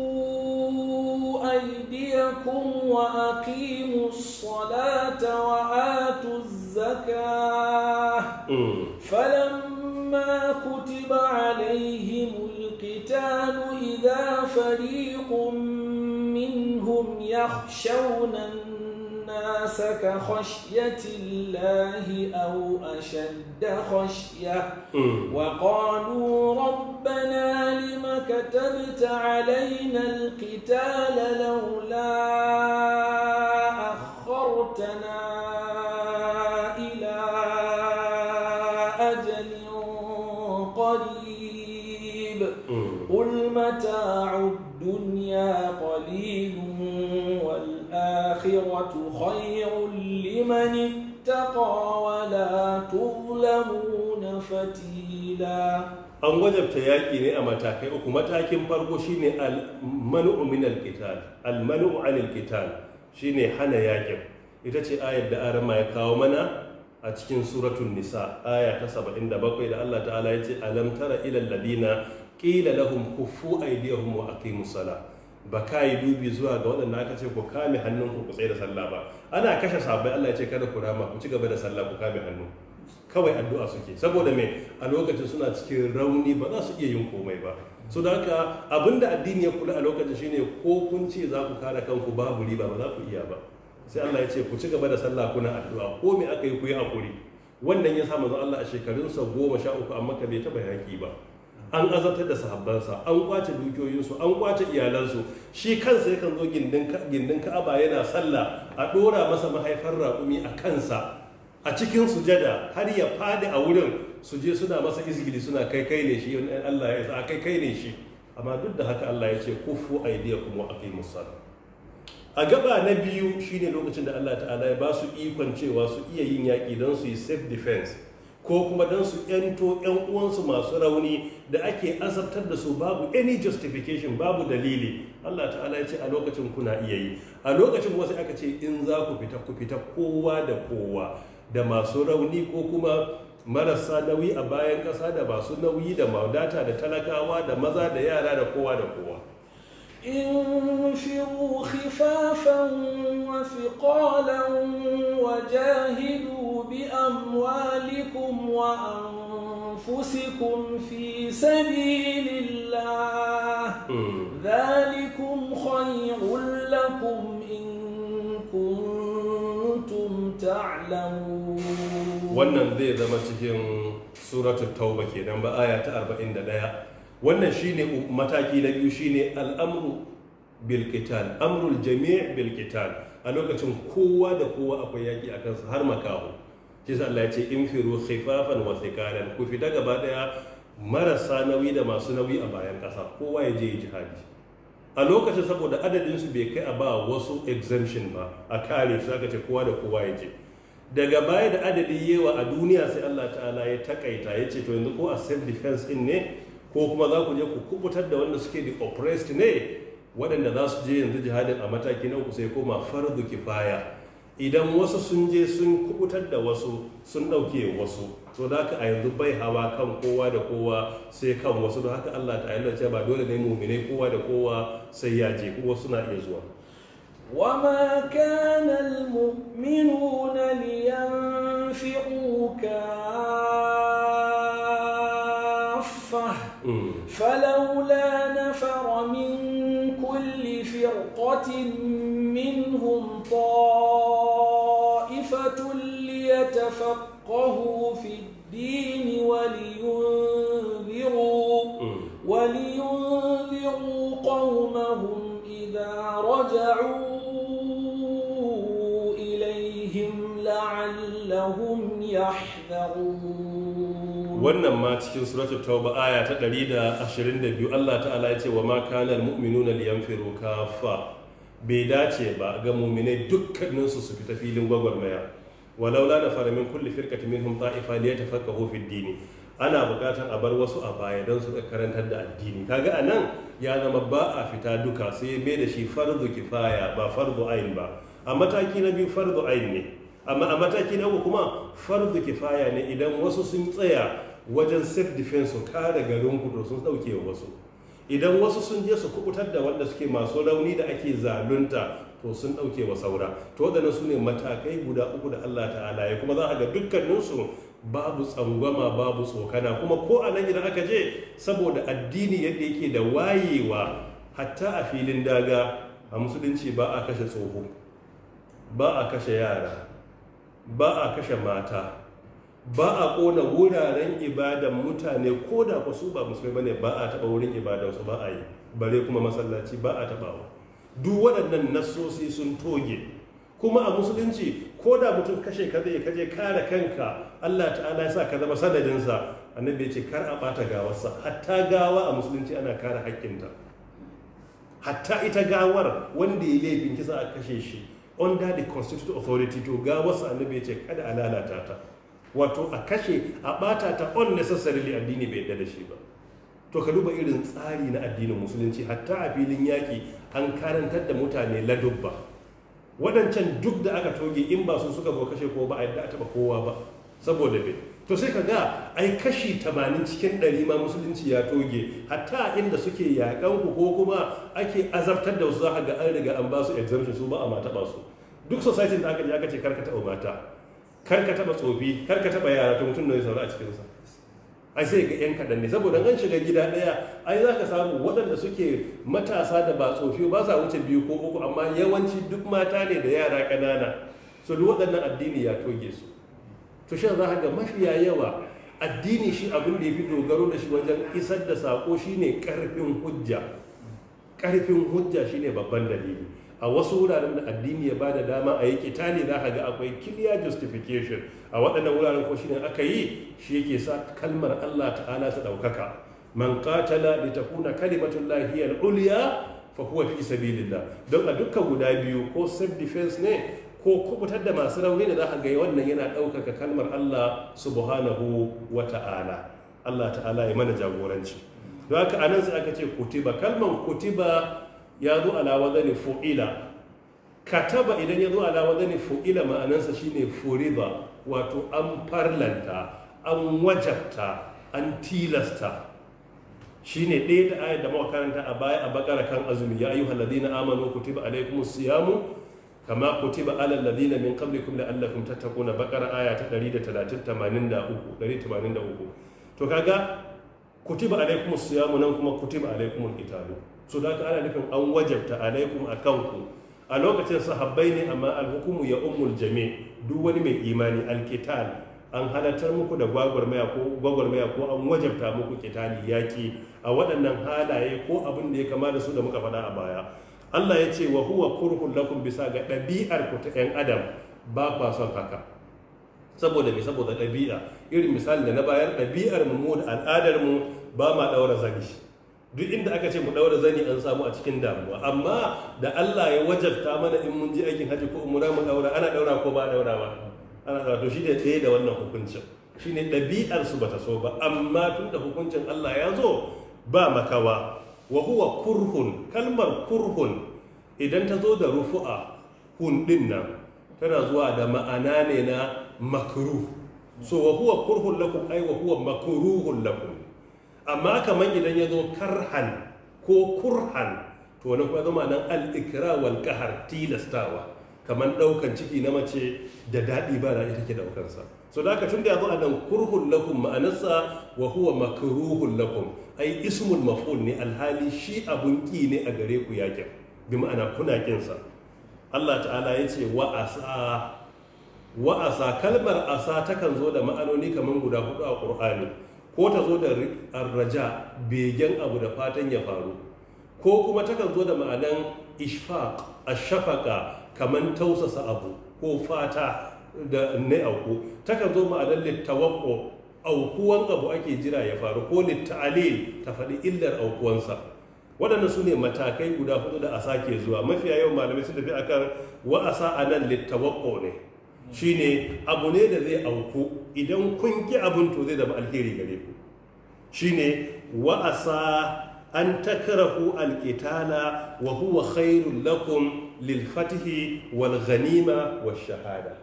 aydiyakum wa aqimus salata wa atuz zakah mm. falamma ما كتب عليهم القتال إذا فريق منهم يخشون الناس كخشية الله أو أشد خشية وقالوا ربنا لم كتبت علينا القتال لولا أخرتنا illa an wajabta yaƙi ne a matakai uku matakin farko shine al-manu'u min al-qital al-manu'u an al-qital shine hana yaƙin ita ce ayar da arama ya kawo mana a cikin suratun nisa aya ta 77 da Allah ta'ala ya ce alam tara ila alladina qila lahum kuffu aydiyahum wa aqimus sala ba ka yi dubi zuwa ga waɗanda aka ce ku kame hannun ku tsaye da sallah ba ana kashe sabai Allah ya ce kada ku rama ku ci gaba da sallah ku kame hannu kawai addu'a suke saboda me a lokacin suna cikin rauni ba za su iya yin komai ba so da haka abinda addini ya kula a lokacin shine ko kun ce za ku kare kanku babu riba ba za ku iya ba sai Allah ya ce ku ci gaba da sallah kuna addu'a ko me aka yi ku yi hakuri wannan ya sa zan Allah a sa goma sha uku amma ka bai taba yaki ba an azabtar da sahabbansa an kwace dukiyoyinsu an kwace iyalansu shi kansa yakan zo gindin ka'aba yana sallah a dora masa mahaifar raƙumi a kansa a cikin sujada har ya fadi a wurin su je suna masa izgili suna kai kai ne shi in Allah ya sa kai kai ne shi amma duk da haka Allah ya ce kufu aydiyakum wa aqimus salat a gaba na biyu shine lokacin da Allah ta'ala ya ba su ikon cewa su iya yin yaƙi don su yi safe defense ko kuma don su yanto yan uwansu masu rauni da ake azabtar da su babu any justification babu dalili Allah ta'ala ya ce a lokacin kuna iya yi a lokacin wasu aka ce in za ku fita ku fita kowa da kowa da masu rauni ko kuma marasa nauyi a bayan ƙasa da masu nauyi da maudata da talakawa da maza da yara da kowa da kowa انفروا خفافا وثقالا وجاهدوا بأموالكم وأنفسكم في سبيل الله ذلكم خير لكم wannan zai zama cikin suratun tauba kenan ba aya ta 41 wannan shine mataki na biyu shine al'amru bil qital amrul jami' bil a lokacin kowa da kowa akwai yaki a sa har makaho shi Allah ya ce infiru khifafan wa thiqalan ku fita gaba daya marasa nauyi da masu nauyi a bayan kasa kowa ya je jihadi a lokacin saboda adadin su bai kai a ba wasu exemption ba a kare su aka ce kowa da kowa ya je daga baya da adadi yawa a duniya sai Allah ta'ala ya takaita ya ce to yanzu ko a self defense in ne ko kuma za ku je ku kubutar da wanda suke da oppressed ne waɗanda za su je yanzu jihadin a mataki na uku sai koma fardu kifaya idan wasu sun je sun kubutar da wasu sun ɗauke wasu to da haka a yanzu bai hawa kan kowa da kowa sai kan wasu don haka Allah ta yalla ba dole ne mumine kowa da kowa sai ya je kuma suna iya zuwa wa وما كان المؤمنون fa كافة فلولا نفر min kulli firqatin minhum ta يفقهوا في الدين ولينذروا ولينذروا قومهم إذا رجعوا إليهم لعلهم wannan ma cikin suratul tauba aya ta 122 Allah ta'ala ya ce wa ma kana almu'minuna liyanfiru kaffa bai dace ba ga mu'minai dukkaninsu su fita filin gwagwarmaya walaula na faramin min kulli firqati minhum ta'ifa li yatafaqahu fi dini ana bukatan a bar wasu a baya don su karantar da addini kaga anan ya zama ba a fita duka sai mai da shi fardu kifaya ba fardu ain ba a mataki na biyu fardu ain ne amma a mataki na uku kuma fardu kifaya ne idan wasu sun tsaya wajen self defense su kare garin ku sun dauke wasu idan wasu sun je su kubutar da wanda suke masu rauni da ake zalunta to sun ɗauke wa saura to waɗannan su ne matakai guda uku da Allah ta'ala ya kuma za a ga dukkaninsu babu tsangwama babu tsokana kuma ko a nan idan aka je saboda addini yadda yake da wayewa hatta a filin daga a musulunci ba a kashe tsoho ba a kashe yara ba a kashe mata ba a kona wuraren ibadan mutane ko da ku su ba musulmai ne, ba a taba wurin ibadansu ba a yi bare kuma masallaci ba a taɓawa. duk waɗannan nasosi sun toge kuma a musulunci ko da mutum kashe ka zai kaje kare kanka Allah ta'ala ya sa ka zama sanadinsa annabi ya ce kar a bata gawarsa hatta gawa a musulunci ana kare hakkinta hatta ita gawar wanda ya laifin kisa a kashe shi under the constituted authority to gawarsa annabi ya ce kada a lalata ta wato a kashe a ɓata ta unnecessarily addini bai yadda da shi ba to ka duba irin tsari na addinin musulunci hatta a filin yaƙi an karantar da mutane ladubba waɗancan duk da aka toge in ba su suka kashe ko ba a yadda a taɓa kowa ba saboda bai to sai ka ga ai kashi tamanin cikin ɗari ma musulunci ya toge hatta inda suke yaƙan ku ko kuma ake azabtar da wasu za ga an riga an ba su exemption su ba a mata ba su duk society da aka je aka ce karka taɓa mata karka taɓa tsofi karka taɓa yara to mutum na ya sauri a cikinsa ai sai ga yan kaɗan ne saboda an shiga gida ɗaya ai za ka samu waɗanda suke matasa da ba tsofi ba za wuce biyu ko uku amma yawanci duk mata ne da yara ƙanana so duk waɗannan addini ya toge su to shan za ga mafiya yawa addini shi abin da ya fi dogaro da shi wajen isar da sako shine ƙarfin hujja ƙarfin hujja shine babban dalili a wasu wuraren da addini ya bada dama a yi kitali za ka ga akwai clear justification a waɗanda wuraren ko shine aka yi shi yake sa kalmar Allah ta'ala ta ɗaukaka man qatala li takuna kalimatullahi hiya al-ulya fa huwa fi sabilillah don a dukkan guda biyu ko self defense ne ko kubutar da masu rauni da za ka ga wannan yana ɗaukaka kalmar Allah subhanahu wa ta'ala Allah ta'ala ya mana jagoranci don haka anan sai aka ce kutiba kalmar kutiba ya zo ala wadani Ka kataba idan ya zo ala ne fo'ila ma'anansa shine furiba wato an farlanta an wajabta an tilasta shine ɗaya da ayar da makaranta a baya a bakara kan azumi ya ayyuhal ladina amanu kutiba alaikumus siyamu kama kutiba alal ladina min qablikum la'allakum tattaquna bakara aya ta 183 183 to kaga kutiba alaikumus siyamu nan kuma kutiba alaikumul qitalu so da ana nufin an wajabta alaikum a kanku a lokacin sahabbai ne amma alhukumu ya umul jami duk wani mai imani alkital an halartar muku da gwagwarmaya ko ko an wajabta muku kitali yaki a waɗannan halaye ko abin da ya kama da su da muka faɗa a baya Allah ya ce wa huwa kurhun lakum bisa ga ɗabi'ar ku ta 'yan adam ba kwa son haka saboda me saboda ɗabi'a irin misali da na bayar ɗabi'ar mu da al'adar mu ba ma ɗaura zagi duk inda aka ce mu ɗaura zani an samu a cikin damuwa amma da Allah ya wajabta mana in mun je aikin hajji ko umura mu ɗaura ana ɗaura ko ba ɗaura ba ana ɗaura to shi ne ɗaya da wannan hukuncin shi ne ɗabi'ar su bata so ba amma tun da hukuncin Allah ya zo ba makawa wa huwa kurhun kalmar kurhun idan ta zo da rufu'a hun din nan tana zuwa da ma'ana ne na makruh so wa huwa kurhun lakum ai wa huwa makruhun lakum amma kamar idan ya zo karhan ko kurhan to wani kuma zama nan al'ikira wal kahar tilastawa kamar ɗaukan ciki na mace da daɗi ba da ita ke ɗaukansa so da aka tun da ya zo a nan kurhun lakum ma'anarsa wa huwa makruhun lakum ai ismul maf'ul ne alhali shi abun ƙi ne a gare ku yakin bi ma'ana kuna kinsa Allah ta'ala ya ce wa asa asa kalmar asa takan zo da ma'anoni kamar guda hudu a ƙur'ani ko ta zo da arraja begen abu da fatan ya faru ko kuma takan zo da ma'anan ishfaq ashafaka kaman tausasa abu ko fata da ne auku takan zo ma'anan littawaqqo aukuwan abu ake jira ya faru ko litta'alil ta faɗi illar aukuwansa waɗanda su ne matakai guda hudu da asa ke zuwa mafiya yawan malamai su tafi akan wa'asa anan littawaqqo ne shine abu ne da zai auku idan kun ki abin to zai zama alheri gare ku shine wa'asa an takrahu alkitala wa huwa khairul lakum lil fatihi wal Ganima, wash shahada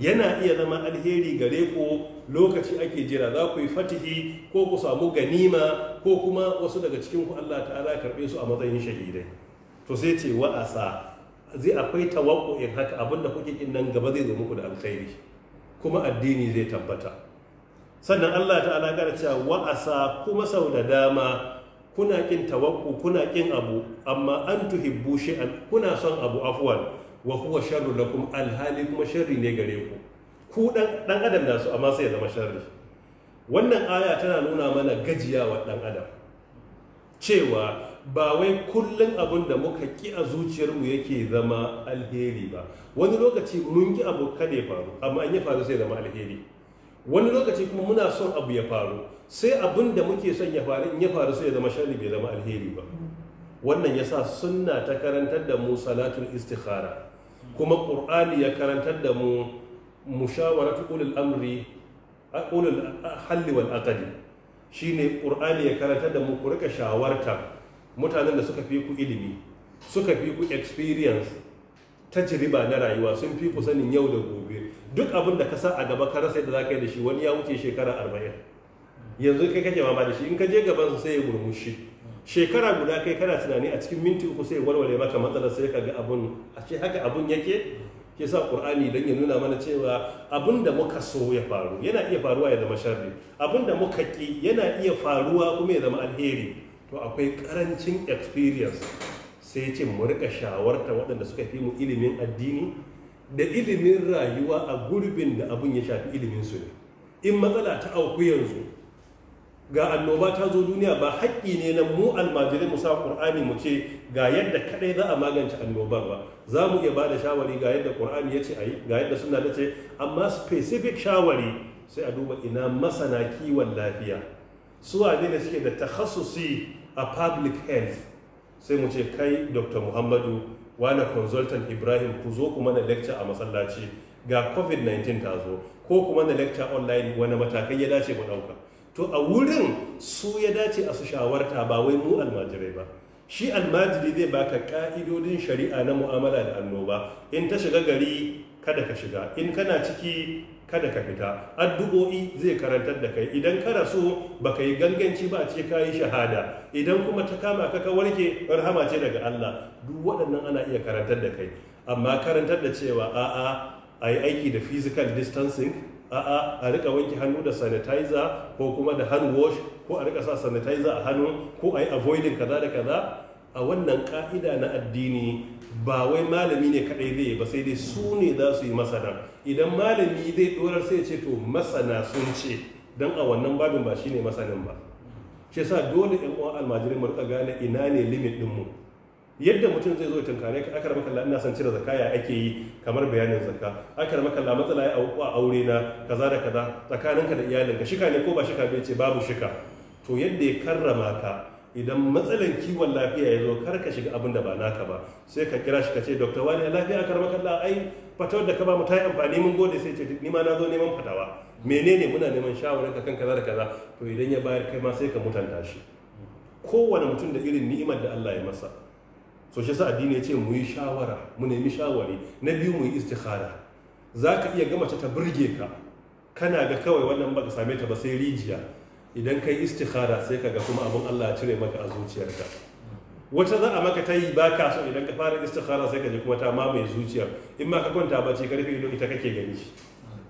yana iya zama alheri gare ku lokaci ake jira za ku yi fatihi ko ku samu ganima ko kuma wasu daga cikin ku Allah ta'ala karbe su a matsayin shahidai to sai ce wa'asa zai akwai in haka abinda kuke kin nan gaba zai zo muku da alkhairi kuma addini zai tabbata sannan Allah ta'ala gara cewa wa'asa kuma sau da dama kuna kin tawakku kuna kin abu amma an tuhibbu shay'an kuna son abu afuwan wa huwa sharru lakum alhali kuma sharri ne gare ku ku dan dan adam da su amma sai ya zama sharri wannan aya tana nuna mana gajiyawa dan adam cewa ba wai kullum abin da muka ki a zuciyarmu yake zama alheri ba wani lokaci mun ki abu kada ya faru amma an ya faru sai zama alheri wani lokaci kuma muna son abu ya faru sai abin da muke son ya faru in ya faru sai ya zama sharri bai zama alheri ba wannan ya sa sunna ta karantar da mu salatul istikhara kuma qur'ani ya karantar da mu mushawaratu ulul amri ulul halli wal aqdi shine qur'ani ya karantar da mu ku rika shawarta mutanen da suka fi ku ilimi suka fi ku experience ta jiriba na rayuwa sun fi ku sanin yau da gobe duk abin da ka sa a gaba ka rasa yadda za ka yi da shi wani ya wuce shekara arba'in yanzu kai kake mama da shi in ka je gaban su sai ya murmushi shekara guda kai kana tunani a cikin minti uku sai warware maka matsalar sai ka ga abun a ce haka abin yake ke sa qur'ani dan ya nuna mana cewa abun da muka so ya faru yana iya faruwa ya zama sharri Abin da muka ki yana iya faruwa kuma ya zama alheri to akwai karancin experience sai ce mu rika shawarta waɗanda suka fi mu ilimin addini da ilimin rayuwa a gurbin da abin ya shafi ilimin su ne in matsala ta auku yanzu ga annoba ta zo duniya ba haƙƙi ne na mu almajirai mu sa ƙur'ani mu ce ga yadda kaɗai za a magance annobar ba za mu iya ba da shawari ga yadda ƙur'ani ya ce a yi ga yadda suna da ce amma specific shawari sai a duba ina masana kiwon lafiya su wane da suke da takhasusi a public health sai mu ce kai dr muhammadu wani consultant ibrahim ku zo kuma na lecture a masallaci ga covid-19 ta zo ko kuma na lecture online wani matakai ya dace mu ɗauka to a wurin su ya dace a su shawarta ba wai mu almajirai ba shi almajiri zai baka ka'idodin shari'a na mu'amala da annoba in ta shiga gari kada ka shiga in kana ciki kada ka fita addu'o'i zai karantar da kai idan ka rasu baka yi ganganci ba ce ka yi shahada idan kuma ta kama ka ka warke rahama ce daga Allah duk waɗannan ana iya karantar da kai amma karantar da cewa a'a a yi aiki da physical distancing a'a a rika wanke hannu da sanitizer ko kuma da hand wash ko a rika sa sanitizer a hannu ko a yi avoiding kaza da kaza a wannan ka'ida na addini ba wai malami ne kadai zai ba sai dai su ne za su yi masana idan malami zai dorar sai ce to masana sun ce don a wannan babin ba shine masanin ba shi sa dole yan uwan almajirin mu gane ina ne limit din mu yadda mutum zai zo tunkare ka akar makalla ina san cire zakaya ake yi kamar bayanin zakka akar makalla matsala ya a aure na kaza da kaza tsakaninka da iyalinka shika ne ko ba shika bai ce babu shika to yadda ya karrama ka idan matsalin kiwon lafiya ya zo kar ka shiga abin da ba naka ba sai ka kira shi ka ce dokta wani lafiya kar maka Allah ai fatawar da ka ba mu ta yi amfani mun gode sai ce ni ma na zo neman fatawa menene muna neman shawarar ka kan kaza da kaza to idan ya bayar kai ma sai ka mutanta shi kowane mutum da irin ni'imar da Allah ya masa so shi sa addini ya ce mu yi shawara mu nemi shawari na biyu mu yi istikhara zaka iya gama ta birge ka kana ga kawai wannan baka same ta ba sai rijiya idan kai istikhara sai ka ga kuma abin Allah cire maka a zuciyarka wata za a maka ta yi baka so idan ka fara istikhara sai ka ji kuma ta mamaye zuciyar in ma ka kwanta bacci karfe ido ita kake gani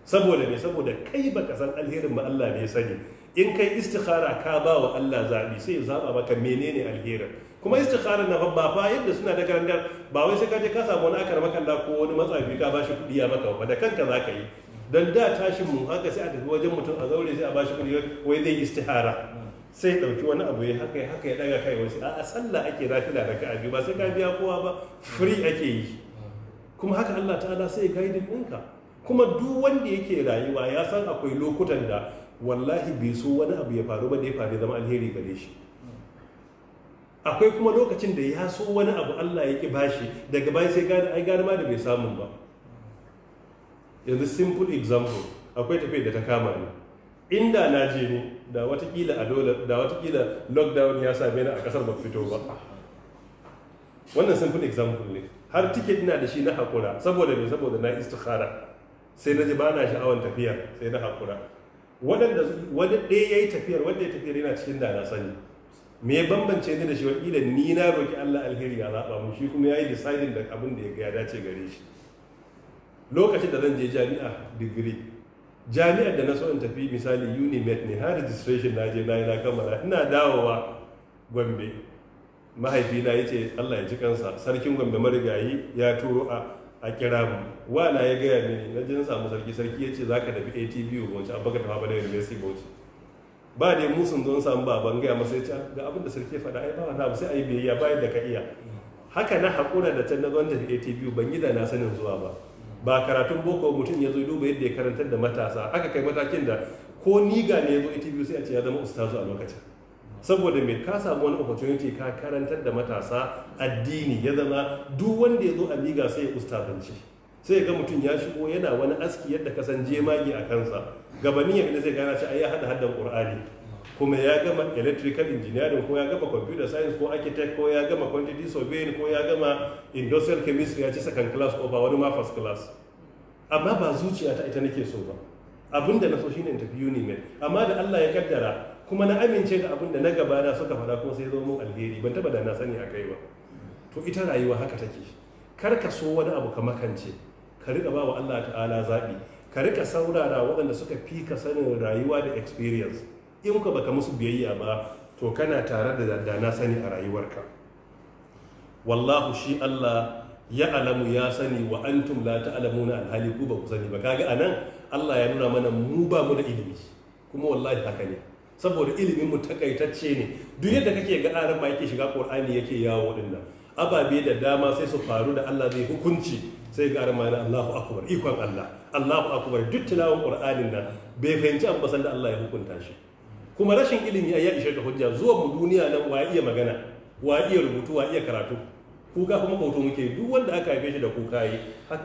saboda me saboda kai baka san alherin ma Allah ne sani in kai istikhara ka ba wa Allah zabi sai ya zaba maka menene alherin kuma istikhara na babba fa yadda suna da garangar ba wai sai ka je ka samu wani akar maka Allah ko wani matsafi ka bashi kuɗi ya maka ba da kanka zaka yi don da tashin mu haka sai a tafi wajen mutum a zaure sai a bashi kuɗi wai zai istihara sai ya ɗauki wani abu ya haka ya haka ya ɗaga kai wasu a sallah ake rafila da ka biyu ba sai ka biya kowa ba free ake yi kuma haka Allah ta'ala sai ya kai dinka kuma duk wanda yake rayuwa ya san akwai lokutan da wallahi bai so wani abu ya faru ba da ya faru zama alheri gare shi akwai kuma lokacin da ya so wani abu Allah ya ki bashi daga baya sai gane ai gane da bai samu ba yanzu simple example akwai tafiya da ta kama ni inda na je ni da watakila a dole da watakila lockdown ya same ni a kasar ba fito ba wannan simple example ne har ticket ina da shi na hakura saboda me saboda na istikhara sai na ji ba na sha'awar tafiya sai na hakura wadanda wani ɗaya ya yi tafiyar wanda ya tafiyar yana cikin da na sani me ya bambance ni da shi wakila ni na roki Allah alheri ya zaɓa mu shi kuma ya yi deciding da abin da ya dace gare shi lokacin da zan je jami'a digiri jami'ar da na so in tafi misali unimet ne har registration na je na yi na kammala ina dawowa gombe mahaifina ya ce allah ya ji kansa sarkin gombe marigayi ya turo a kira mu wana ya gaya mini na jin samu sarki sarki ya ce za ka tafi atb bauchi a baka tafa bane university bauchi ba dai musun zo samu baban gaya masa ya ga abin da sarki ya faɗa ai ba wani abu sai ai biyayya bayan da ka iya haka na haƙura da can na zo tafi atbu ban yi da na sanin zuwa ba ba karatun boko mutum ya zo duba yadda ya karantar da matasa aka kai matakin da ko niga ne ya zo ita biyu sai a ce ya zama ustazu a lokacin saboda mai ka samu wani opportunity ka karantar da matasa addini ya zama duk wanda ya zo a niga sai ya ustazanci sai ga mutum ya shigo yana wani aski yadda kasan jemagi a kansa gabanin ya sai gana ce a ya hada haddan qur'ani kuma ya gama electrical engineering ko ya gama computer science ko architect ko ya gama quantity surveying ko ya gama industrial chemistry ya ci second class ko ba wani ma first class amma ba zuciya ta ita nake so ba abin da na so shine interview ne mai amma da Allah ya kaddara kuma na amince da abin da na gaba na suka fada ko sai zo mun alheri ban taba da na sani a kai ba to ita rayuwa haka take kar ka so wani abu ka makance ka riƙa ba wa Allah ta'ala zaɓi ka riƙa saurara waɗanda suka fi ka sanin rayuwa da experience in ka baka musu biyayya ba to kana tare da dana sani a rayuwarka wallahu shi Allah ya alamu ya sani wa antum la ta'lamuna alhali ku ba ku sani ba kaga anan Allah ya nuna mana mu ba mu da ilimi kuma wallahi haka ne saboda ilimin mu takaitacce ne duk yadda kake ga aran ma yake shiga Qur'ani yake yawo dinnan ababe da dama sai su faru da Allah zai hukunci sai ga aran Allahu akbar ikon Allah Allahu akbar duk tilawon Qur'anin nan bai fahimci an basan Allah ya hukunta shi kuma rashin ilimi a ya ishe hujja zuwa mu duniya nan wa iya magana wa iya rubutu wa iya karatu kuka kuma koto muke duk wanda aka haife shi da kuka yi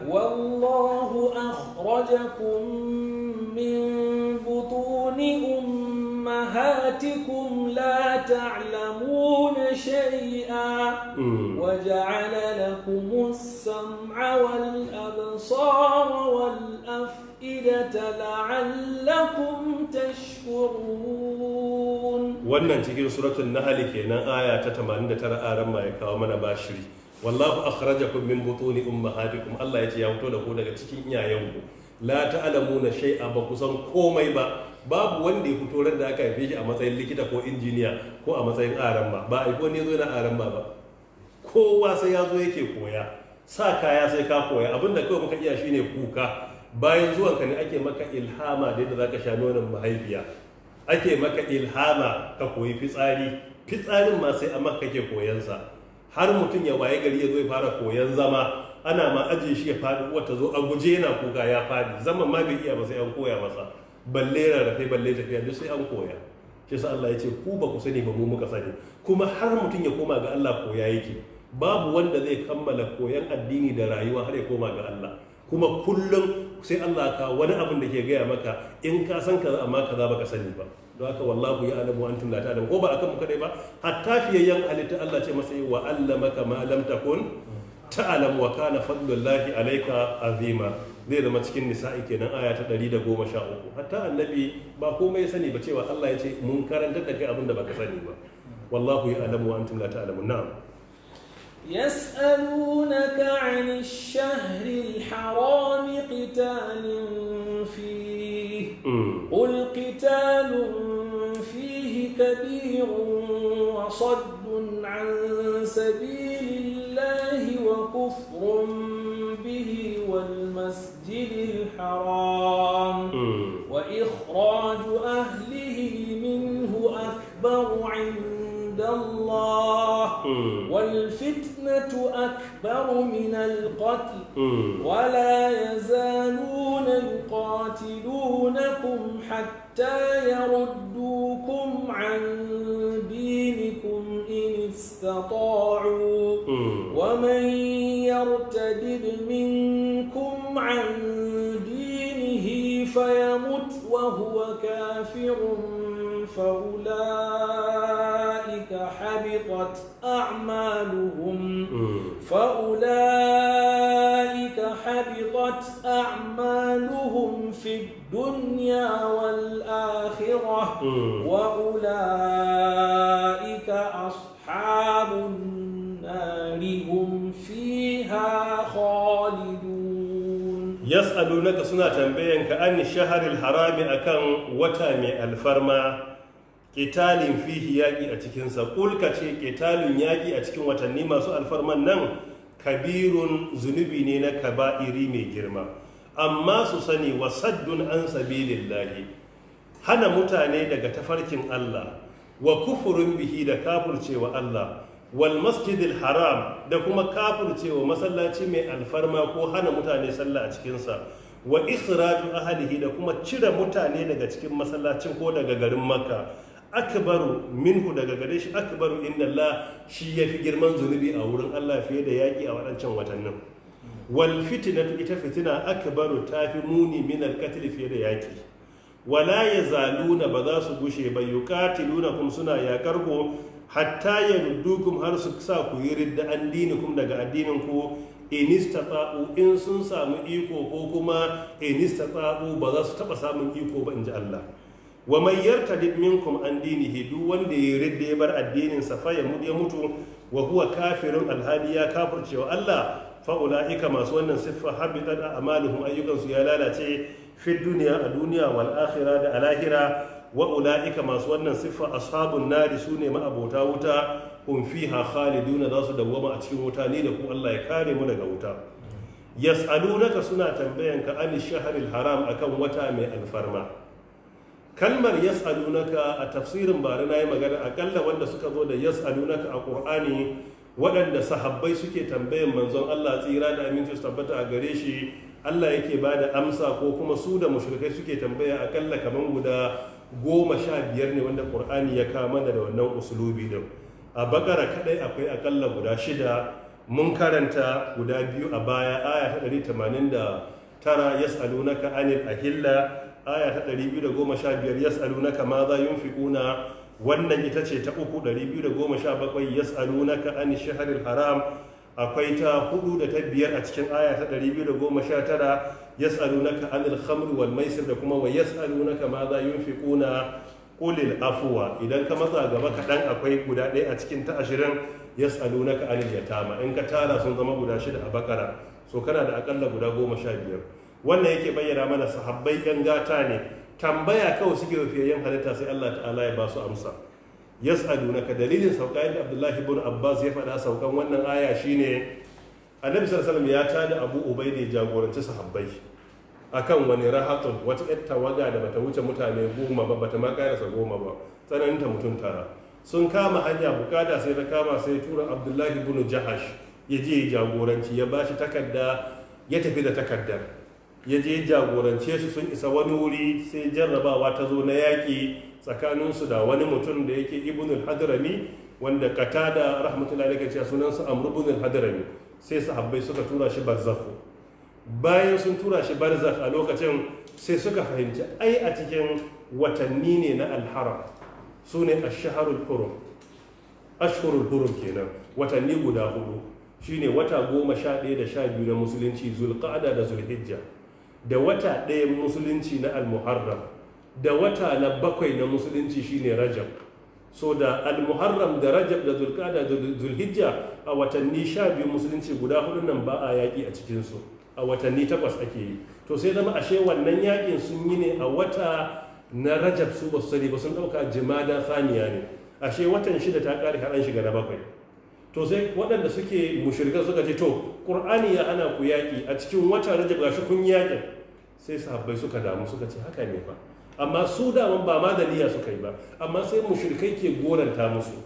wallahu akhrajakum min butuni ummahatikum la ta'lamuna shay'a hmm. wa ja'ala lakum as-sam'a wal absara wal af'a wannan cikin suratul nahl kenan aya ta 89 aran ma ya kawo mana bashiri wallahu akhrajakum min butuni ummahatikum Allah ya ce ya fito da ku daga cikin iyayenku la ta'lamuna shay'a ba san komai ba babu wanda ya fito ran da aka haife shi a matsayin likita ko injiniya ko a matsayin aran ba ba a ne zo yana aran ba kowa sai ya zo yake koya sa kaya sai ka koya abin da kawai muka iya shine kuka bayan zuwan ka ne ake maka ilhama da yadda zaka sha nonon mahaifiya ake maka ilhama ka koyi fitsari fitsarin ma sai amma kake koyansa har mutum ya waye gari ya zo ya fara koyan zama ana ma ajiye shi ya fadi wata zo a guje yana kuka ya faɗi zaman ma bai iya ba sai an koya masa balle rarrafe balle tafiya duk sai an koya shi sa Allah ya ce ku ba ku sani ba mu muka sani kuma har mutum ya koma ga Allah koya yake babu wanda zai kammala koyan addini da rayuwa har ya koma ga Allah kuma kullum sai Allah ka wani abin da ke gaya maka in ka san ka amma ka za baka sani ba don haka wallahu ya alamu antum la ta'lamu ko ba akan mu kadai ba hatta fiyayyan ta Allah ce masa wa allamaka ma lam takun ta'lam wa kana fadlullahi alayka azima zai zama cikin nisa'i kenan aya ta 113 hatta annabi ba komai sani ba cewa Allah ya ce mun karanta da kai abin da baka sani ba wallahu ya alamu antum la ta'lamu na'am يسألونك عن الشهر الحرام قتال فيه قل قتال فيه كبير وصد عن سبيل الله وكفر به والمسجد الحرام وإخراج أهله منه أكبر عند الله والفتنة أكبر من القتل ولا يزالون يقاتلونكم حتى يردوكم عن دينكم إن استطاعوا ومن يرتد منكم عن دينه فيمت وهو كافر فأولئك أعمالهم فأولئك حبطت أعمالهم في الدنيا والآخرة وأولئك أصحاب النار هم فيها خالدون يسألونك سنة تنبيهك أن الشهر الحرام أَكَمْ وتامي الفرما ƙitalin fihi yaƙi a cikinsa ƙulka ce ƙitalin yaƙi a cikin watanni masu alfarman nan kabirun zunubi ne na kaba'iri mai girma amma su sani wa saddun an sabilillahi hana mutane daga tafarkin Allah wa kufurin bihi da kafurcewa Allah wal masjidil haram da kuma kafurcewa masallaci mai alfarma ko hana mutane sallah a cikinsa wa israju ahalihi da kuma cire mutane daga cikin masallacin ko daga garin makka akbaru minhu daga gare shi akbaru inda Allah shi ya fi girman zunubi a wurin Allah fiye da yaƙi a waɗancan watannin wal fitina ita fitina akbaru ta fi muni min alkatil fiye da yaƙi wala ya yazaluna ba za su gushe ba kun suna yaƙar ku hatta yaruddukum har su sa ku yi ridda an dinikum daga addinin ku in in sun samu iko ko kuma in istata'u ba za su taɓa samun iko ba in ji Allah wa man yartadi minkum an dinihi duk wanda ya ridda ya bar addinin sa fa ya mutu ya mutu wa huwa kafirun alhadi ya kafirce wa Allah fa ulaika masu wannan siffa habitat a'maluhum ayyukan su ya lalace fi dunya a duniya wal akhirah da alahira wa ulaika masu wannan siffa ashabun nari sune ma'abota wuta hum fiha khaliduna za su dawwama a cikin wuta ni da ku Allah ya kare mu daga wuta yas'alunaka suna tambayanka an shahril haram akan wata mai alfarma kalmar yas'alunaka a tafsirin bari na yi magana akalla wanda suka zo da yas'alunaka a ƙur'ani waɗanda sahabbai suke tambayan manzon Allah tsira da aminci su tabbata a gare shi Allah yake ba da amsa ko kuma su da mushrikai suke tambaya akalla kamar guda goma sha biyar ne wanda ƙur'ani ya kama da wannan usulubi din a bakara kadai akwai akalla guda shida mun karanta guda biyu a baya aya ta 189 yas'alunaka anil ahilla aya ta 215 yas'alunaka ma za yunfiquna wannan ita ce ta uku 217 yas'alunaka an shahril haram akwai ta hudu da ta biyar a cikin aya ta 219 yas'alunaka anil khamri wal maisir da kuma wa yas'alunaka ma za yunfiquna qulil afwa idan ka maza gaba kaɗan akwai guda ɗaya a cikin ta 20 yas'alunaka anil yatama in ka tara sun zama guda shida a bakara so kana da akalla guda goma sha biyar wannan yake bayyana mana sahabbai yan gata ne tambaya kawai suke yan halitta sai Allah ta'ala ya ba su amsa yas'alunaka dalilin sauka yadda Abdullahi ibn Abbas ya faɗa saukan wannan aya shine Annabi sallallahu ya tada Abu ya jagoranci sahabbai akan wani rahatun wata yar tawaga da bata wuce mutane goma ba bata ma karasa goma ba tsananinta mutum tara sun kama hanya bukata sai ta kama sai tura Abdullahi ibn Jahash ya je jagoranci ya bashi takarda ya tafi da takardar ya je jagorance su sun isa wani wuri sai jarrabawa ta zo na yaƙi tsakaninsu da wani mutum da yake ibnul hadrami wanda da rahmatullahi alaihi cewa sunansa a ibnul hadrami sai sahabbai suka tura shi barzakh bayan sun tura shi barzakh a lokacin sai suka fahimci ai a cikin watanni ne na alharam su ne ashaharul hurum ashhurul hurum kenan watanni guda hudu shine wata goma sha ɗaya da sha biyu na musulunci zulqa'ada da zulhijja da wata ɗaya musulunci na almuharram da wata na bakwai na musulunci shine rajab so da almuharram da rajab da zulkada da zulhijja a watanni sha biyu musulunci guda hudu nan ba a yaƙi a cikinsu a watanni takwas ake yi to sai zama ashe wannan yaƙin sun yi ne a wata na rajab su ba su ba sun ɗauka jimada saniya ne ashe watan shida ta ƙare haɗan shiga na bakwai to sai waɗanda suke mushirka suka ce to ƙur'ani ya ana ku yaƙi a cikin wata rajab gashi kun yaƙin sai sahabbai suka damu suka ce haka ne ba. amma su daman ba ma da niyya suka yi ba amma sai mushrikai ke goranta musu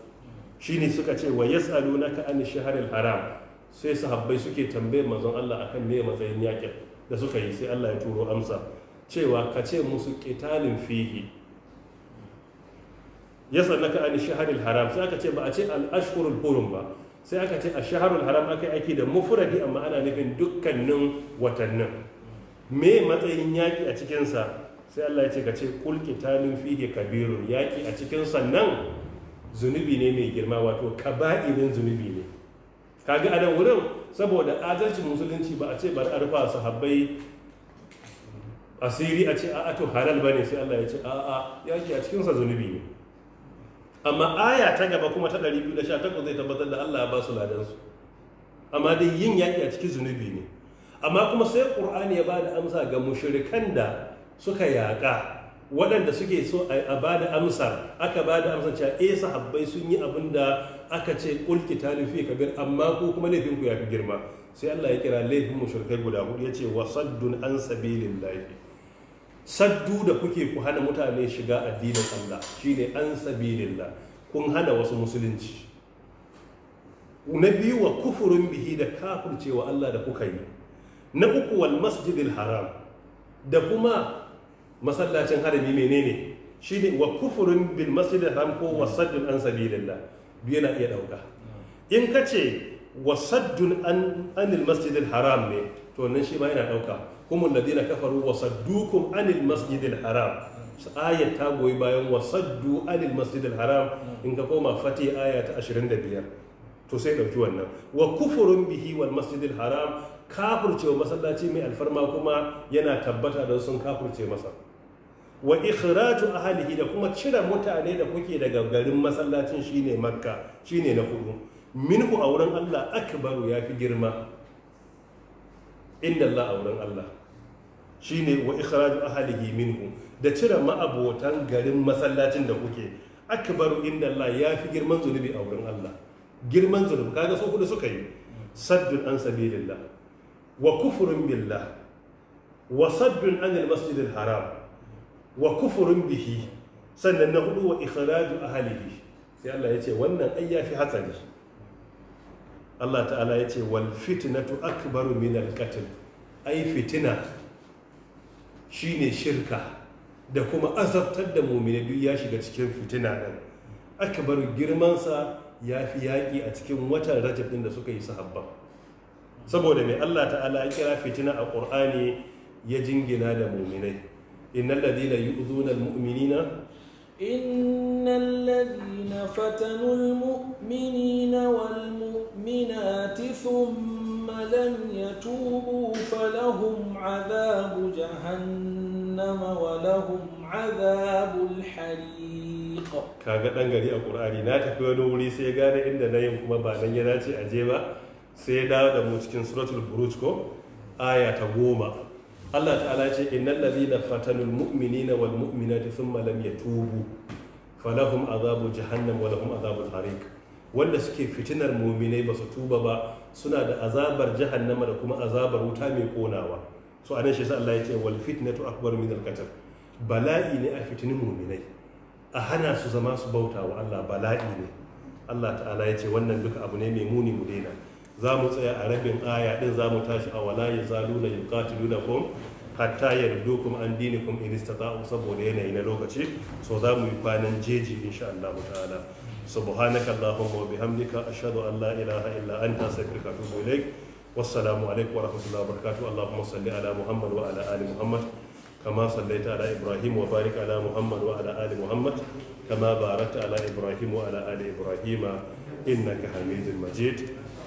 shine suka ce wa na ka an shahril haram sai sahabbai suke tambaye manzon Allah akan me matsayin yaƙin da suka yi sai Allah ya turo amsa cewa ka ce musu qitalin fihi yas'alunaka an shahril haram sai aka ce ba a ce al-ashhurul hurum ba sai aka ce a shaharul haram aka aiki da mufuradi amma ana nufin dukkanin watannin me matsayin yaƙi a cikinsa sai Allah ya ce ka ce kulki, qitalun fihi kabirun yaƙi a cikin sannan zunubi ne mai girma wato kaba'irin zunubi ne kaga a nan wurin saboda adalcin musulunci ba a ce bar arfa sahabbai asiri a ce a'a to halal ba ne sai Allah ya ce a'a yaƙi a cikinsa zunubi ne amma aya ta gaba kuma ta 218 zai tabbatar da Allah ya ba su ladan su amma dai yin yaki a cikin zunubi ne amma kuma sai Qur'ani ya ba da amsa ga mushrikan da suka yaƙa waɗanda suke so a ba da amsa aka ba da amsa cewa eh sahabbai sun yi abin da aka ce kulki ta kabir amma ko kuma laifin ku ya fi girma sai Allah ya kira laifin mushrikai guda hudu ya ce wasaddun an sabilillahi saddu da kuke ku hana mutane shiga addinin Allah shine an sabilillah kun hana wasu musulunci na biyu wa kufurin bihi da kafircewa Allah da kuka yi na uku wal masjidil haram da kuma masallacin harami menene shine wa kufurin bil masjidil haram ko wa saddun an sabilillah yana iya dauka in kace saddun an anil masjidil haram ne to nan shi ma yana dauka humul ladina kafaru wa saddukum alil masjidil haram ayat ta goyi bayan wasaddu alil anil masjidil haram in ka koma fati aya ta ashirin 25 to sai ɗauki wannan wa kufurin bihi wal masjidil haram kafurcewa masallaci mai alfarma kuma yana tabbata don sun kafurce masa wa ikhraju ahlihi da kuma cire mutane da kuke daga garin masallacin shine makka shine na hudu minhu a wurin Allah akbaru yafi girma inda Allah a wurin Allah shine wa ikhraju ahlihi minhu da cire ma'abotan garin masallacin da kuke akbaru inda Allah ya fi girman zunubi a wurin Allah girman zunubi kaga so kudu suka yi saddun an sabilillah wa kufrun billah wa saddun an almasjid haram wa kufrun bihi sannan na hudu wa ikhraju ahlihi sai Allah ya ce wannan ai ya fi hatsari Allah ta'ala ya ce wal fitnatu akbaru min al ai fitina shine shirka da kuma azabtar da mu'mini duk ya shiga cikin fitina nan akbaru girman sa yafi yaki a cikin watan Rajab din da suka yi sahabba saboda mai Allah ta'ala ya kira fitina a Qur'ani ya jingina da mu'minai innal ladina yu'zuna al mu'minina إن الذين فتنوا المؤمنين والمؤمنات ثم لم يتوبوا فلهم عذاب جهنم ولهم عذاب الحريق kaga dan gari a Qur'ani na tafi wani wuri sai gane inda nayin kuma ba nan ya dace a je ba sai ya dawo da mu cikin suratul buruj ko aya ta goma Allah ta'ala ce innal ladhina fatanul mu'minina wal mu'minati thumma lam yatubu falahum azabu jahannam wa lahum azabul hariq wanda suke fitinar mu'minai ba su tuba ba suna da azabar jahannama da kuma azabar wuta mai konawa so anan shi sai Allah ya ce wal fitnatu akbar min al qatl bala'i ne a fitinin mu'minai a hana su zama su bautawa Allah bala'i ne Allah ta'ala ya ce wannan duka abu ne mai muni mu daina za mu tsaya a rabin aya din za mu tashi a wala ya zaluna yuqatilunakum hatta yardukum an dinikum in istata'u saboda yanayi na lokaci so za mu yi kwanan jeji insha Allah ta'ala subhanaka allahumma wa bihamdika ashhadu an la ilaha illa anta astaghfiruka wa atubu ilaik wassalamu alaikum wa rahmatullahi wa barakatuh allahumma salli ala muhammad wa ala ali muhammad كما صليت على إبراهيم وبارك على محمد وعلى آل محمد كما باركت على إبراهيم وعلى آل إبراهيم إنك حميد مجيد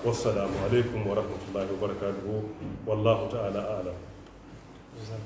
wassalamu alaikum wa rahmatullahi wa barakatuhu wallahu ta'ala a'lam